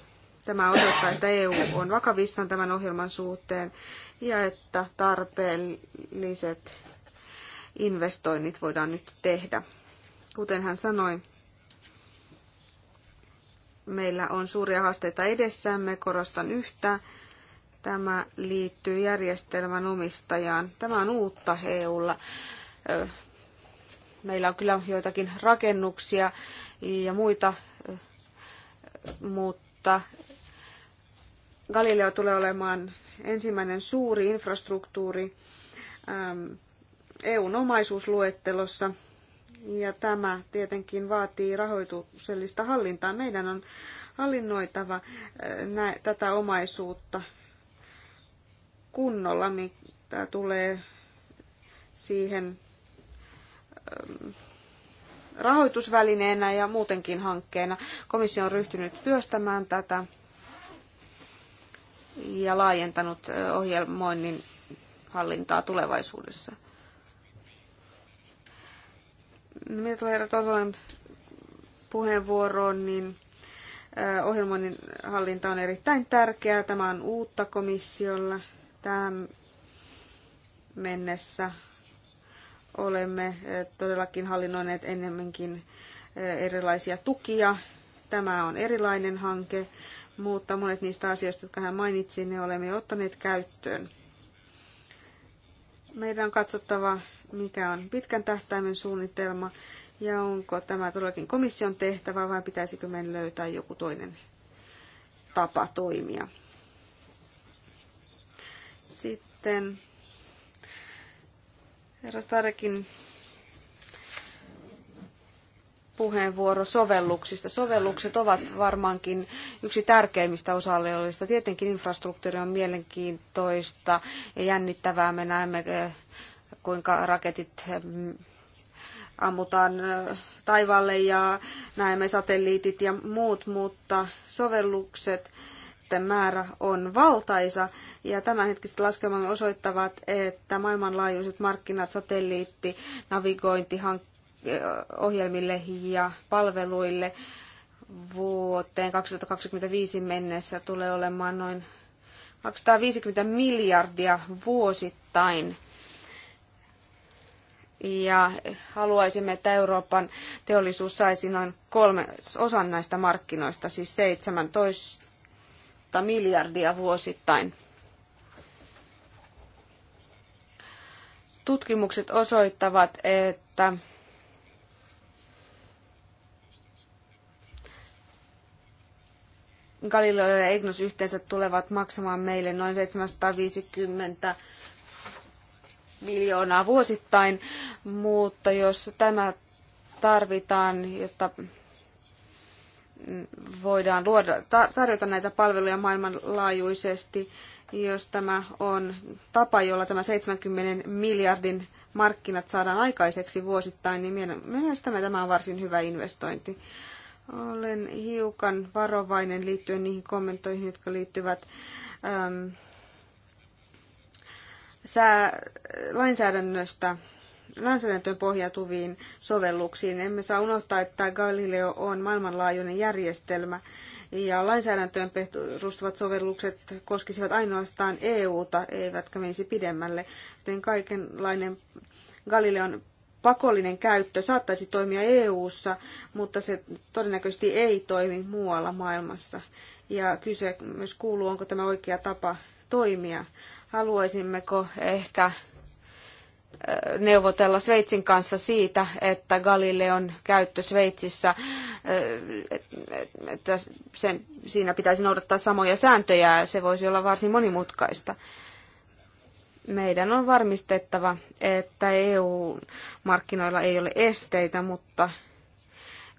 Tämä osoittaa, että EU on vakavissaan tämän ohjelman suhteen ja että tarpeelliset investoinnit voidaan nyt tehdä. Kuten hän sanoi, meillä on suuria haasteita edessämme, korostan yhtä. Tämä liittyy järjestelmän omistajaan. Tämä on uutta EUlla. Meillä on kyllä joitakin rakennuksia ja muita, mutta Galileo tulee olemaan ensimmäinen suuri infrastruktuuri ähm, EUn omaisuusluettelossa. Ja tämä tietenkin vaatii rahoituksellista hallintaa. Meidän on hallinnoitava äh, tätä omaisuutta kunnolla, mitä tulee siihen ähm, rahoitusvälineenä ja muutenkin hankkeena. Komissio on ryhtynyt työstämään tätä ja laajentanut ohjelmoinnin hallintaa tulevaisuudessa. Mitä tulee Totolan puheenvuoroon, niin ohjelmoinnin hallinta on erittäin tärkeää. Tämä on uutta komissiolla. Tähän mennessä olemme todellakin hallinnoineet enemmänkin erilaisia tukia. Tämä on erilainen hanke mutta monet niistä asioista, jotka hän mainitsi, ne olemme ottaneet käyttöön. Meidän on katsottava, mikä on pitkän tähtäimen suunnitelma ja onko tämä todellakin komission tehtävä vai pitäisikö meidän löytää joku toinen tapa toimia. Sitten herra Starkin puheenvuoro sovelluksista. Sovellukset ovat varmaankin yksi tärkeimmistä osa-alueista. Tietenkin infrastruktuuri on mielenkiintoista ja jännittävää. Me näemme, eh, kuinka raketit eh, ammutaan eh, taivaalle ja näemme satelliitit ja muut, mutta sovellukset määrä on valtaisa ja tämänhetkiset laskelmamme osoittavat, että maailmanlaajuiset markkinat satelliitti navigointihankkeet ohjelmille ja palveluille vuoteen 2025 mennessä tulee olemaan noin 250 miljardia vuosittain. Ja haluaisimme, että Euroopan teollisuus saisi noin kolme osan näistä markkinoista, siis 17 miljardia vuosittain. Tutkimukset osoittavat, että Galileo ja Egnos yhteensä tulevat maksamaan meille noin 750 miljoonaa vuosittain, mutta jos tämä tarvitaan, jotta voidaan luoda, tarjota näitä palveluja maailmanlaajuisesti, jos tämä on tapa, jolla tämä 70 miljardin markkinat saadaan aikaiseksi vuosittain, niin mielestäni tämä on varsin hyvä investointi. Olen hiukan varovainen liittyen niihin kommentoihin, jotka liittyvät äm, sää, lainsäädännöstä lainsäädäntöön pohjautuviin sovelluksiin. Emme saa unohtaa, että Galileo on maailmanlaajuinen järjestelmä ja lainsäädäntöön perustuvat sovellukset koskisivat ainoastaan EUta, eivätkä menisi pidemmälle, joten kaikenlainen Galileon pakollinen käyttö saattaisi toimia EU:ssa, mutta se todennäköisesti ei toimi muualla maailmassa. Ja kyse myös kuuluu, onko tämä oikea tapa toimia. Haluaisimmeko ehkä äh, neuvotella Sveitsin kanssa siitä, että Galileon käyttö Sveitsissä, äh, että sen, siinä pitäisi noudattaa samoja sääntöjä, se voisi olla varsin monimutkaista meidän on varmistettava, että EU-markkinoilla ei ole esteitä, mutta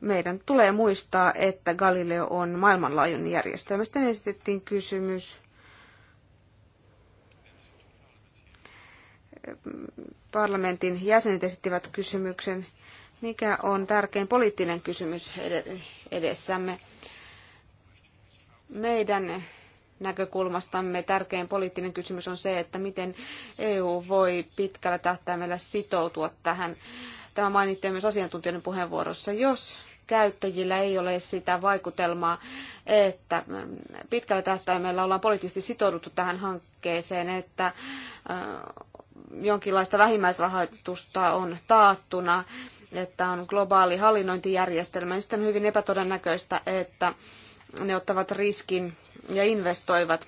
meidän tulee muistaa, että Galileo on maailmanlaajuinen järjestelmä. Sitten esitettiin kysymys parlamentin jäsenet esittivät kysymyksen, mikä on tärkein poliittinen kysymys edessämme. Meidän näkökulmastamme tärkein poliittinen kysymys on se, että miten EU voi pitkällä tähtäimellä sitoutua tähän. Tämä mainittiin myös asiantuntijoiden puheenvuorossa. Jos käyttäjillä ei ole sitä vaikutelmaa, että mm, pitkällä tähtäimellä ollaan poliittisesti sitouduttu tähän hankkeeseen, että mm, jonkinlaista vähimmäisrahoitusta on taattuna, että on globaali hallinnointijärjestelmä, niin sitten on hyvin epätodennäköistä, että ne ottavat riskin ja investoivat.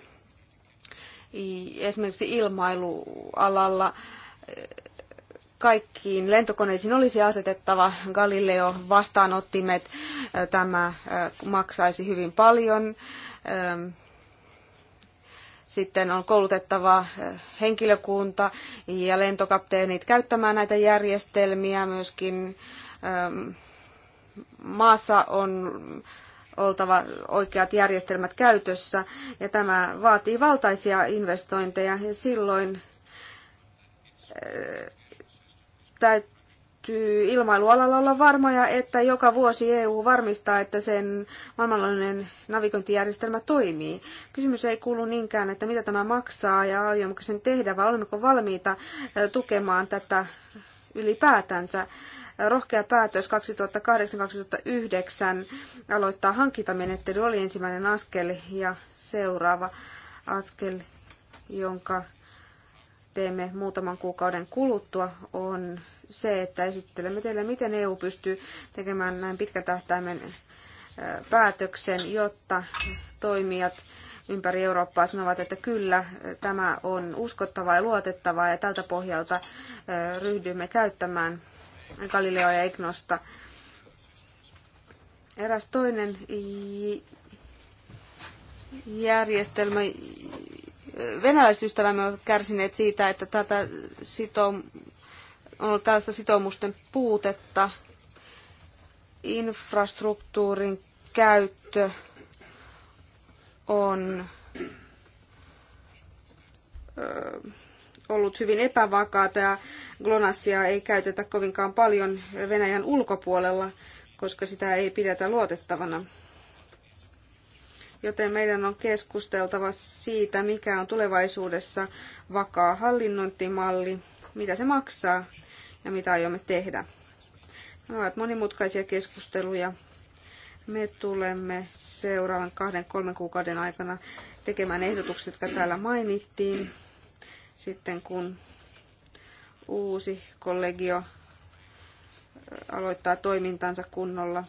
Esimerkiksi ilmailualalla eh, kaikkiin lentokoneisiin olisi asetettava Galileo-vastaanottimet. Eh, tämä eh, maksaisi hyvin paljon. Ehm, sitten on koulutettava henkilökunta ja lentokapteenit käyttämään näitä järjestelmiä. Myöskin ehm, maassa on oltava oikeat järjestelmät käytössä ja tämä vaatii valtaisia investointeja ja silloin eh, täytyy ilmailualalla olla varmoja, että joka vuosi EU varmistaa, että sen maailmanlainen navigointijärjestelmä toimii. Kysymys ei kuulu niinkään, että mitä tämä maksaa ja aiommeko sen tehdä, vaan olemmeko valmiita eh, tukemaan tätä ylipäätänsä rohkea päätös 2008-2009 aloittaa hankintamenettely oli ensimmäinen askel ja seuraava askel, jonka teemme muutaman kuukauden kuluttua, on se, että esittelemme teille, miten EU pystyy tekemään näin pitkän tähtäimen päätöksen, jotta toimijat ympäri Eurooppaa sanovat, että kyllä, tämä on uskottavaa ja luotettavaa ja tältä pohjalta ryhdymme käyttämään Galileo ja Egnosta. Eräs toinen järjestelmä, venäläiset ystävämme ovat kärsineet siitä, että tätä sitoum, on ollut tällaista sitoumusten puutetta, infrastruktuurin käyttö on ollut hyvin epävakaata ja GLONASSia ei käytetä kovinkaan paljon Venäjän ulkopuolella, koska sitä ei pidetä luotettavana. Joten meidän on keskusteltava siitä, mikä on tulevaisuudessa vakaa hallinnointimalli, mitä se maksaa ja mitä aiomme tehdä. Nämä ovat monimutkaisia keskusteluja. Me tulemme seuraavan kahden, kolmen kuukauden aikana tekemään ehdotukset, jotka täällä mainittiin sitten kun uusi kollegio aloittaa toimintansa kunnolla.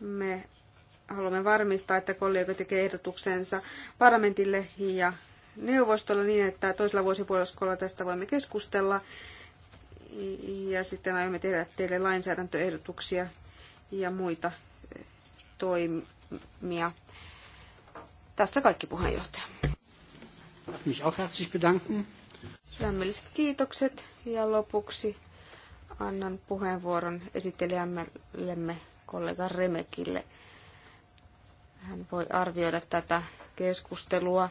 Me haluamme varmistaa, että kollega tekee ehdotuksensa parlamentille ja neuvostolla niin, että toisella vuosipuoliskolla tästä voimme keskustella. Ja sitten aiomme tehdä teille lainsäädäntöehdotuksia ja muita toimia. Tässä kaikki puheenjohtaja. Mich auch herzlich bedanken. Sydämelliset kiitokset ja lopuksi annan puheenvuoron esittelijämme kollega Remekille. Hän voi arvioida tätä keskustelua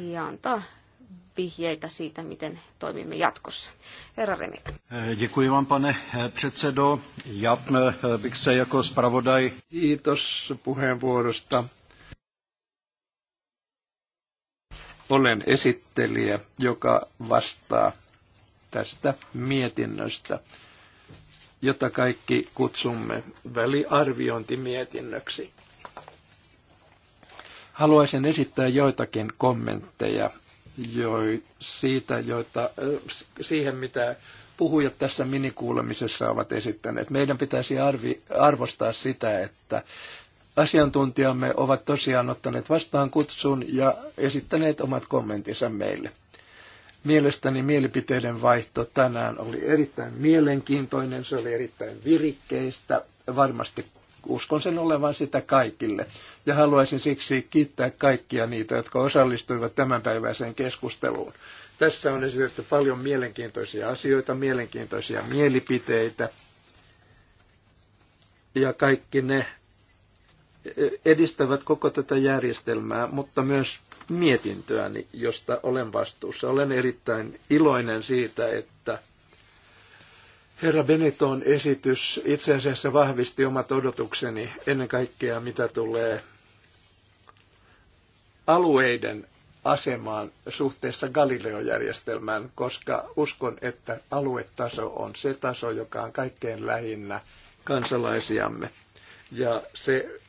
ja antaa vihjeitä siitä, miten toimimme jatkossa. Herra Remek. Děkuji vám, pane eh, předsedo. Já eh, bych se jako spravodaj... Kiitos puheenvuorosta. Olen esittelijä, joka vastaa tästä mietinnöstä, jota kaikki kutsumme väliarviointimietinnöksi. Haluaisin esittää joitakin kommentteja jo, siitä, joita, siihen, mitä puhujat tässä minikuulemisessa ovat esittäneet. Meidän pitäisi arvi, arvostaa sitä, että asiantuntijamme ovat tosiaan ottaneet vastaan kutsun ja esittäneet omat kommenttinsa meille. Mielestäni mielipiteiden vaihto tänään oli erittäin mielenkiintoinen, se oli erittäin virikkeistä, varmasti uskon sen olevan sitä kaikille. Ja haluaisin siksi kiittää kaikkia niitä, jotka osallistuivat tämänpäiväiseen keskusteluun. Tässä on esitetty paljon mielenkiintoisia asioita, mielenkiintoisia mielipiteitä. Ja kaikki ne edistävät koko tätä järjestelmää, mutta myös mietintöäni, josta olen vastuussa. Olen erittäin iloinen siitä, että herra Beneton esitys itse asiassa vahvisti omat odotukseni ennen kaikkea, mitä tulee alueiden asemaan suhteessa Galileo-järjestelmään, koska uskon, että aluetaso on se taso, joka on kaikkein lähinnä kansalaisiamme. Ja se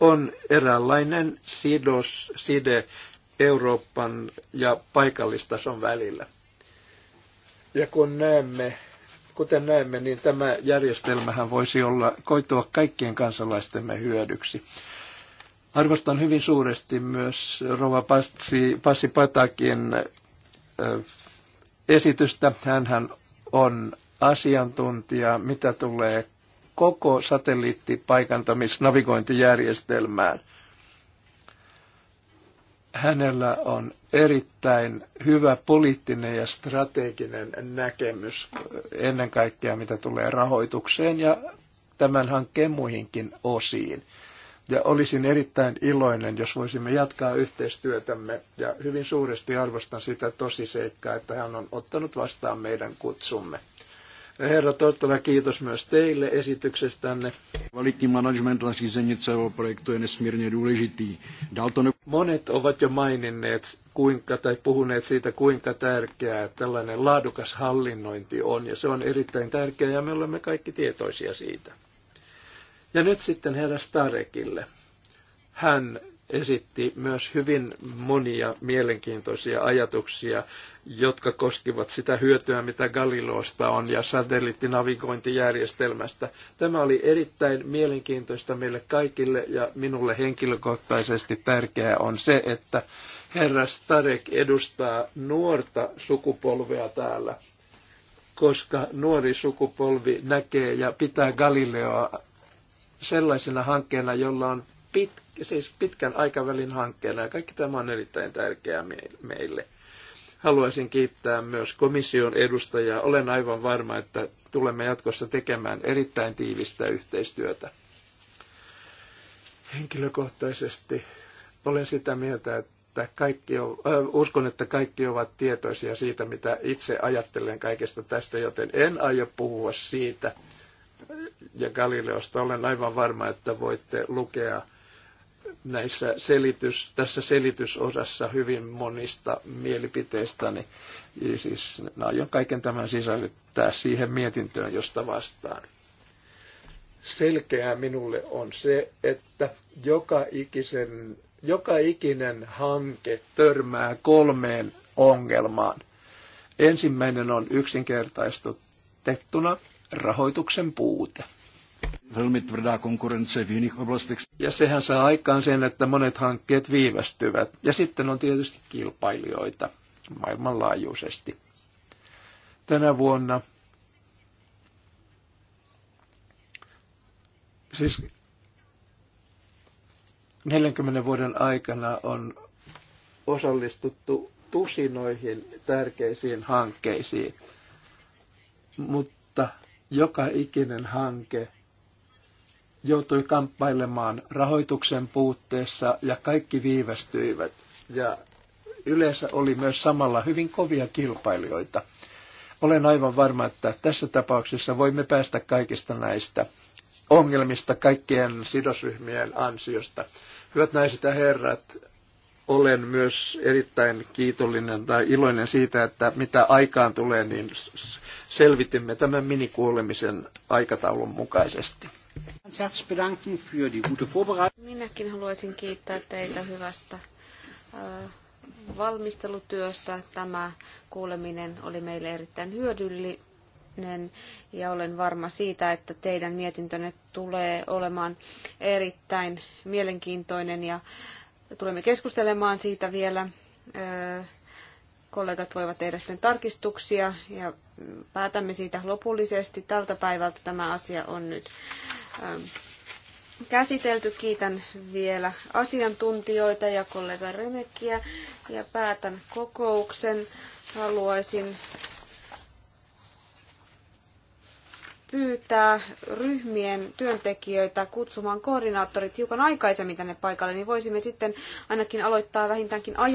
on eräänlainen sidos, side Euroopan ja paikallistason välillä. Ja kun näemme, kuten näemme, niin tämä järjestelmähän voisi olla, koitua kaikkien kansalaistemme hyödyksi. Arvostan hyvin suuresti myös Rova Passi, Passi Patakin esitystä. Hänhän on asiantuntija, mitä tulee koko satelliittipaikantamisnavigointijärjestelmään. Hänellä on erittäin hyvä poliittinen ja strateginen näkemys eh, ennen kaikkea, mitä tulee rahoitukseen ja tämän hankkeen muihinkin osiin. Ja olisin erittäin iloinen, jos voisimme jatkaa yhteistyötämme. Ja hyvin suuresti arvostan sitä tosiseikkaa, että hän on ottanut vastaan meidän kutsumme. Herra Tottola, kiitos myös teille esityksestänne. Kvalitní management a řízení projektu je nesmírně důležitý. ne... Monet ovat jo maininneet kuinka, tai puhuneet siitä, kuinka tärkeää tällainen laadukas hallinnointi on, ja se on erittäin tärkeää, ja me olemme kaikki tietoisia siitä. Ja nyt sitten herra Starekille. Hän esitti myös hyvin monia mielenkiintoisia ajatuksia, jotka koskivat sitä hyötyä, mitä Galileosta on ja satelliittinavigointijärjestelmästä. Tämä oli erittäin mielenkiintoista meille kaikille ja minulle henkilökohtaisesti tärkeää on se, että herra Starek edustaa nuorta sukupolvea täällä, koska nuori sukupolvi näkee ja pitää Galileoa sellaisena hankkeena, jolla on pit, siis pitkän aikavälin hankkeena ja kaikki tämä on erittäin tärkeää meille. Haluaisin kiittää myös komission edustajaa. Olen aivan varma, että tulemme jatkossa tekemään erittäin tiivistä yhteistyötä. Henkilökohtaisesti olen sitä mieltä, että kaikki on, äh, uskon, että kaikki ovat tietoisia siitä, mitä itse ajattelen kaikesta tästä, joten en aio puhua siitä ja Galileosta. Olen aivan varma, että voitte lukea näissä selitys, tässä selitysosassa hyvin monista mielipiteistäni. niin siis no, aion kaiken tämän sisällyttää siihen mietintöön, josta vastaan. Selkeää minulle on se, että joka, ikisen, joka ikinen hanke törmää kolmeen ongelmaan. Ensimmäinen on yksinkertaistutettuna rahoituksen puute. Ja sehän saa aikaan sen, että monet hankkeet viivästyvät. Ja sitten on tietysti kilpailijoita maailmanlaajuisesti. Tänä vuonna siis 40 vuoden aikana on osallistuttu tusinoihin tärkeisiin hankkeisiin, mutta joka ikinen hanke joutui kamppailemaan rahoituksen puutteessa ja kaikki viivästyivät. Ja yleensä oli myös samalla hyvin kovia kilpailijoita. Olen aivan varma, että tässä tapauksessa voimme päästä kaikista näistä ongelmista kaikkien sidosryhmien ansiosta. Hyvät naiset ja herrat, olen myös erittäin kiitollinen tai iloinen siitä, että mitä aikaan tulee, niin selvitimme tämän minikuulemisen aikataulun mukaisesti. Minäkin haluaisin kiittää teitä hyvästä äh, valmistelutyöstä. Tämä kuuleminen oli meille erittäin hyödyllinen ja olen varma siitä, että teidän mietintönne tulee olemaan erittäin mielenkiintoinen ja tulemme keskustelemaan siitä vielä. Äh, kollegat voivat tehdä sitten tarkistuksia ja päätämme siitä lopullisesti. Tältä päivältä tämä asia on nyt Ähm, käsitelty. Kiitän vielä asiantuntijoita ja kollega Remekkiä ja päätän kokouksen. Haluaisin pyytää ryhmien työntekijöitä kutsumaan koordinaattorit hiukan aikaisemmin tänne paikalle, niin voisimme sitten ainakin aloittaa vähintäänkin ajoissa.